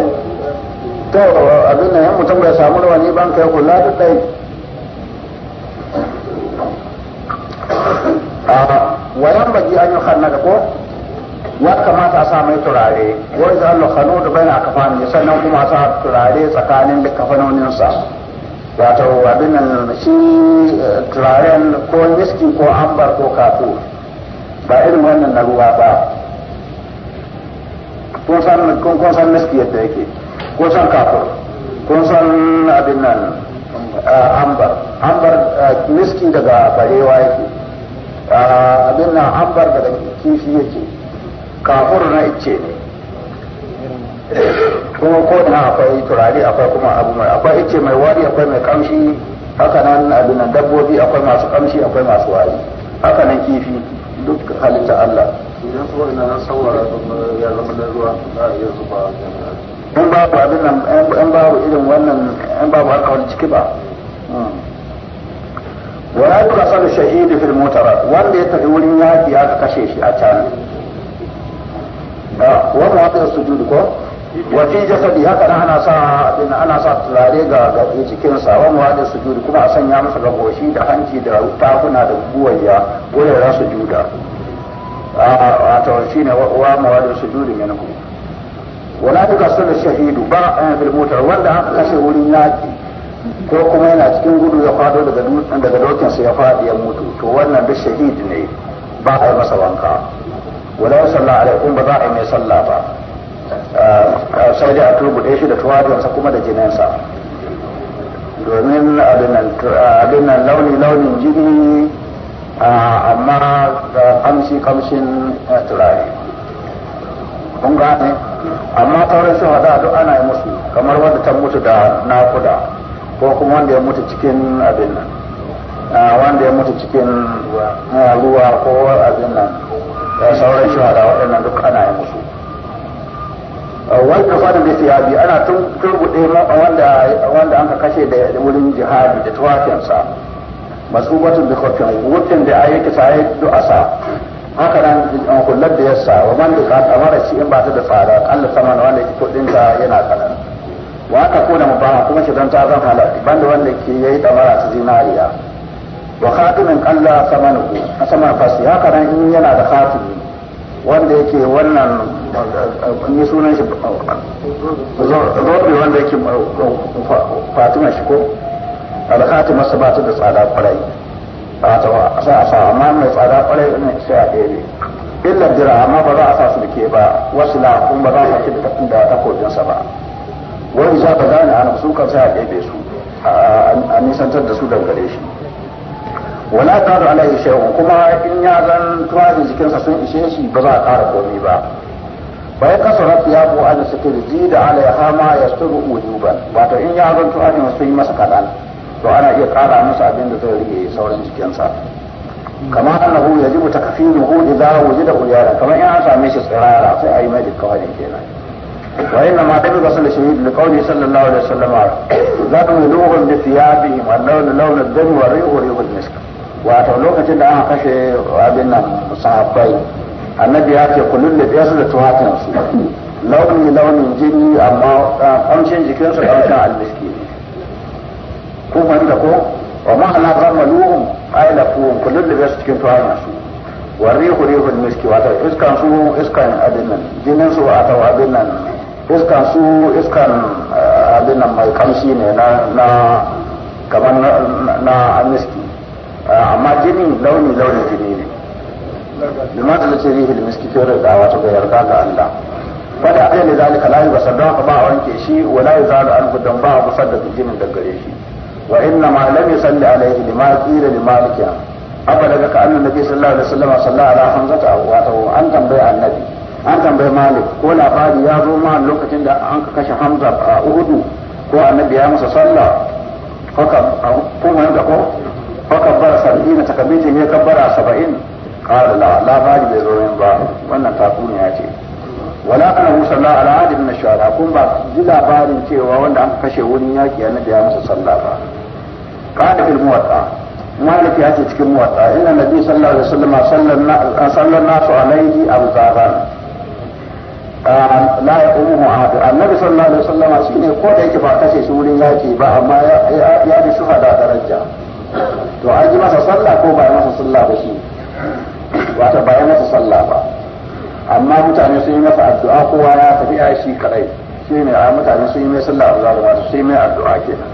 to abin nan mutum bai samu ni ban kai kula duk dai ah, wayan baki an yi hannu da ko ya kamata a sa mai turare wai za Allah hannu da bai aka fani sannan kuma sa turare tsakanin da kafanoninsa wato abin nan shi eh, turaren ko miskin ko ambar ko kafur ba irin wannan na ruwa ba kun san kun san miski yadda yake kun san kafur kun san abin nan ambar ambar miski daga barewa yake abin nan ambar daga kifi yake kafur na ice ne kuma ko ina akwai turare akwai kuma abu mai akwai ice mai wari akwai mai kamshi haka nan abin nan dabbobi akwai masu kamshi akwai masu wari haka nan kifi duk halitta Allah idan na sawara ya zama da ruwa za zuba in babu abin nan in babu irin wannan in babu wani ciki ba hmm. wala yuka sanu shahidi fil mutara wanda ya tafi wurin yaki aka kashe shi a can ba wannan wata sujudu ko wa fi jasadi haka nan ana sa din ana sa turare ga ga cikin sa wa muwadin sujudi kuma a sanya masa goshi da hanci da takuna da buwayya wuraren sujuda a shi shine wa muwadin sujudi ne ku wala duka shahidu ba a fil mutar wanda aka kashe wurin yaki ko kuma yana cikin gudu ya fado daga dutsen daga dokin sa ya fadi ya mutu to wannan da shahidi ne ba a yi masa wanka wala sallallahu alaihi ba za a yi mai sallah ba Ah, sai da a turbuɗe shi da tuwatunsa kuma da jininsa domin abin nan launi launin jini ah, amma da kamshi kamshin eh, turare kun gane amma sauran shi hada duk ana yi musu kamar wanda ta mutu da nakuda ko kuma wanda ya mutu cikin abin nan ah, wanda ya mutu cikin ruwa eh, ko abin nan sauran shi hada waɗannan duk ana yi musu wannan sanin bai siyabi ana tun turbuɗe wanda an ka kashe da wurin jihadi da tuwafinsa masubatun da kofin wutin da ayi kisa ya sa haka nan an kullar da yassa wa man da ka mara shi in ba ta da tsara Allah sama na wanda kudin ta yana kanan wa haka kona ba kuma shi zan ta zan halal banda wanda ke yayi tamara ta zinariya wa khatimin qalla samanu sama fasi haka nan in yana da khatimi wanda yake wannan ni sunan shi zobe wanda yake fatima shi ko alhatima su ba ta da tsada kwarai a sa a sa amma mai tsada kwarai ne sai a ɗebe illa dira amma ba za a sa su da ke ba wasu la kuma ba za a saki da takobinsa ba wani za ba gane ana su kan sai a ɗebe su a nisantar da su dangare shi wala ta da alaihi shay'un kuma in ya zan tuwa jikinsa sun ishe shi ba za a ƙara komi ba bai kasara ya bu an suke ji da alaiha ma ya suru wujuba wato in ya zanto a cikin sun yi masa kadan to ana iya kara masa abin da zai rike sauran jikinsa kama annahu yajib takfiruhu idza wujida ulyara kama in an same shi tsirara sai ayi mai dukkan wani kenan wa inna ma tabi gasa da shahid da kauli sallallahu alaihi wasallam za ta yi lughul da thiyabi ma lawla lawla dan wa rihu rihul misk wato lokacin da aka kashe abin nan sahabbai annabi ya ce ku lullube su da tuhatin su launi launin jini amma ah, kamshin jikin su kamshin almiski ne ku da ko wa ma'ana zammaluhum ay lafuhum ku lullube su cikin tuhatin su wa rihu rihu miski wato iskan su iskan abin nan jinin su wato abin nan iskan su iskan ah, abin nan mai kamshi ne na kamar na almiski ah, amma jini launi launin jini لماذا تلتي فيه المسكي في الدعوة ويرضاك الله ولا أين ذلك لا يصدق ما وانك شيء ولا يزال عنه الدم باع مصدق الدين الدقريشي وإنما لم يصلي عليه لما قيل لمالك لك أن النبي صلى الله عليه وسلم صلى على حمزة وأتوا أنت تنبيه النبي أنت tambayi مالك ko labari ya zo لك تند أنك كش حمزة أهدو hamza a uhudu ko annabi ya masa sallah haka kuma da ko haka bara sab'ina takabiti ne kabbara saba'in qala la labari bai zo min ba wannan tatsuniya ce wala kana musalla na shara kun ba ji labarin cewa wanda an kashe wurin yaki annabi ya masa sallah ba qala bil muwatta مالك ياتي في موطا ان النبي صلى الله عليه وسلم صلى الناس عليه اوزارا لا يقومه عاد النبي صلى الله عليه وسلم شيء ko da yake ba kashe su wurin yaki ba amma ya su shuhada daraja to an ji masa sallah ko ba masa sallah ba shi wata ba masa sallah ba amma mutane sun yi masa addu'a kowa ya tafi ya shi kadai shi ne a mutane sun yi mai sallah a zaɓa masu sun yi mai addu'a ke haka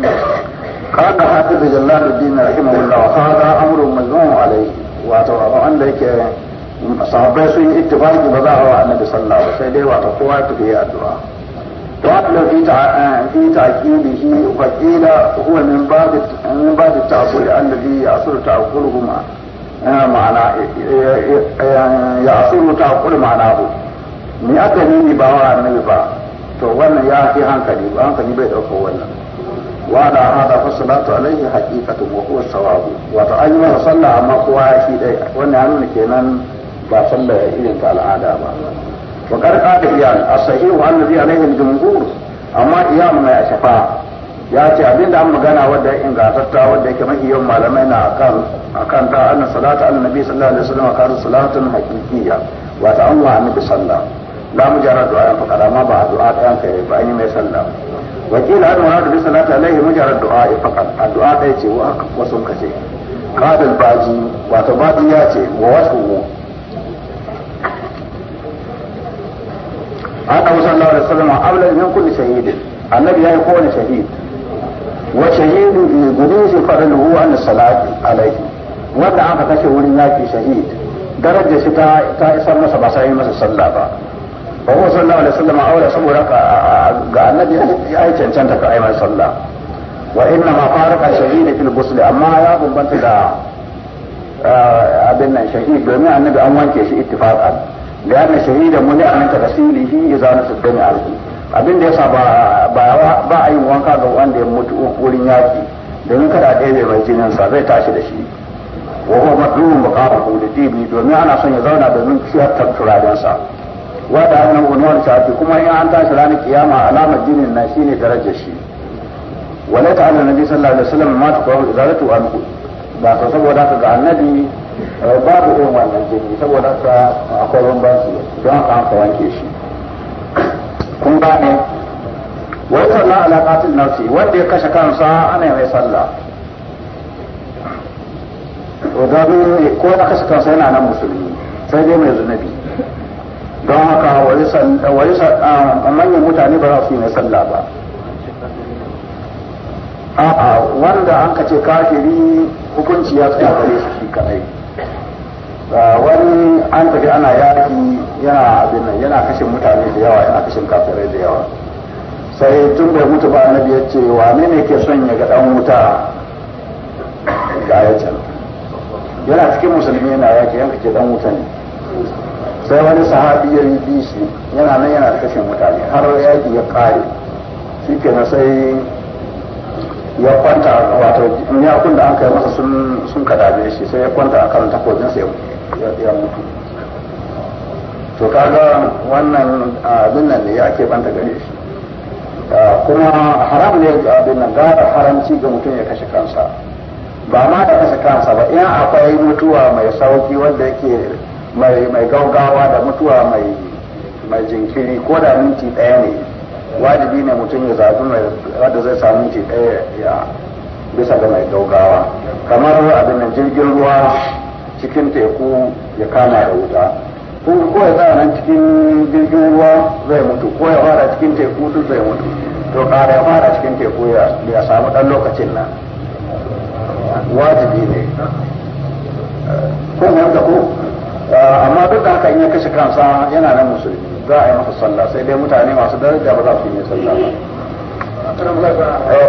da قال حافظ جلال الدين رحمه الله هذا amurin مجموع alai wato abin wanda yake sababai sun yi ittifaqi ba za a wa annabi sallah ba sai dai wato kowa ta yi addu'a wa في fi fi taqibihi wa qila huwa min bab min bab ta'awul alladhi Eh, ma'ana eh, eh, ya su ta kuri ma'ana ku ni aka nini ba wa annabi ba to wannan ya fi hankali ba hankali bai ɗauko wannan wa da hada fa salatu alaihi haqiqatu wa huwa sawabu wa ta yi masa sallah amma kowa ya shi dai wannan ya nuna kenan ba sallah irin ta al'ada ba wa qarqa da iyal as-sahihu annabi alaihi jumhur amma iyal mai shafa'a ya ce abinda an magana wadda ya ingatatta wadda yake mafi yawan malamai na akan ta annan salata annan nabi sallallahu alaihi wasallam kan salatun haqiqiyya wato an wa annabi sallah la mujarrad du'a an faqara ma ba du'a ɗayan kai ba ni mai sallah wakila an wa bi salati alaihi mujarrad du'a a addu'a ɗaya ce wa wasu kace qadal baji wato baji ya ce wa wasu annabi sallallahu alaihi wasallam abla min kulli shahidin annabi ya yi kowane shahid wa shahidu bi guduzi fadluhu an salati alaihi wanda aka kashe wurin yaki shahid darajar shi ta ta isar masa ba sai masa sallah ba ba huwa sallallahu alaihi aure saboda ga annabi ya yi cancanta ka aimar sallah wa inna ma faraka shahid fil ghusl amma ya bambanta da abin nan shahid domin annabi an wanke shi ittifaqan da yana shahidan muni an tasilihi idza nasu dani alaihi abin da yasa ba ba ba a yin wanka ga wanda ya mutu wurin yaki domin kada a ɗebe mai jinin sa zai tashi da shi wa huwa madrun maqamuhu da dibi domin ana son ya zauna da ciyar tabturaden sa wa da shafi kuma in an tashi ranar kiyama alamar jinin na shine darajar shi wala ta annabi sallallahu alaihi wasallam ma tuqahu izalatu anhu ba ta saboda ka ga annabi eh, babu irin wannan jini saboda ka akwai bambanci don haka an wanke shi kun gane wa sallallahu ala qatil nafsi wanda ya kashe kansa ana mai sallah to ne ko na kashe kansa yana nan musulmi sai dai mai zunubi don haka wani manyan mutane ba za su yi mai sallah ba a'a wanda an kace kafiri hukunci ya tsaya gare shi kadai wani an tafi ana yaki yana abin nan yana kashin mutane da yawa yana kashin kafirai da yawa sai tun bai mutu ba annabi ya ce wa ne ke son ya ga dan wuta ga ya can yana cikin musulmi yana yaki yanka ke dan wuta ne sai wani sahabi ya yi bishi yana nan yana kashin mutane har yaki ya kare shi na sai ya kwanta wato yakun da an kai masa sun kadabe shi sai ya kwanta a akan takobinsa ya mutu to kaga wannan abin nan da ya ke banta gare shi kuma haram ne ga abin nan gaba haramci ga mutum ya kashe kansa ba ma da kashe kansa ba in akwai mutuwa mai sauki wanda yake mai mai gaugawa da mutuwa mai jinkiri ko da minti ɗaya ne wajibi ne mutum ya zaɓi mai wanda zai samu minti ɗaya ya bisa ga mai gaugawa kamar abin nan jirgin ruwa cikin teku ya kama da wuta ko ko ya a nan cikin jirgin ruwa zai mutu ko ya fara cikin teku duk zai mutu to kara ya fara cikin teku ya ya samu dan lokacin nan wajibi ne ko ne da ko amma duk da haka in ya kashe kansa yana nan musulmi za a yi masa sallah sai dai mutane masu daraja ba za su yi sallah ba eh,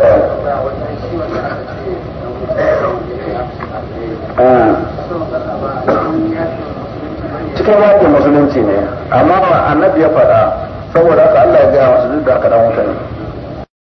eh. Eh. cikin wato musulunci ne amma annabi ya faɗa saboda haka Allah ya gaya masu duk da aka dan wuta ne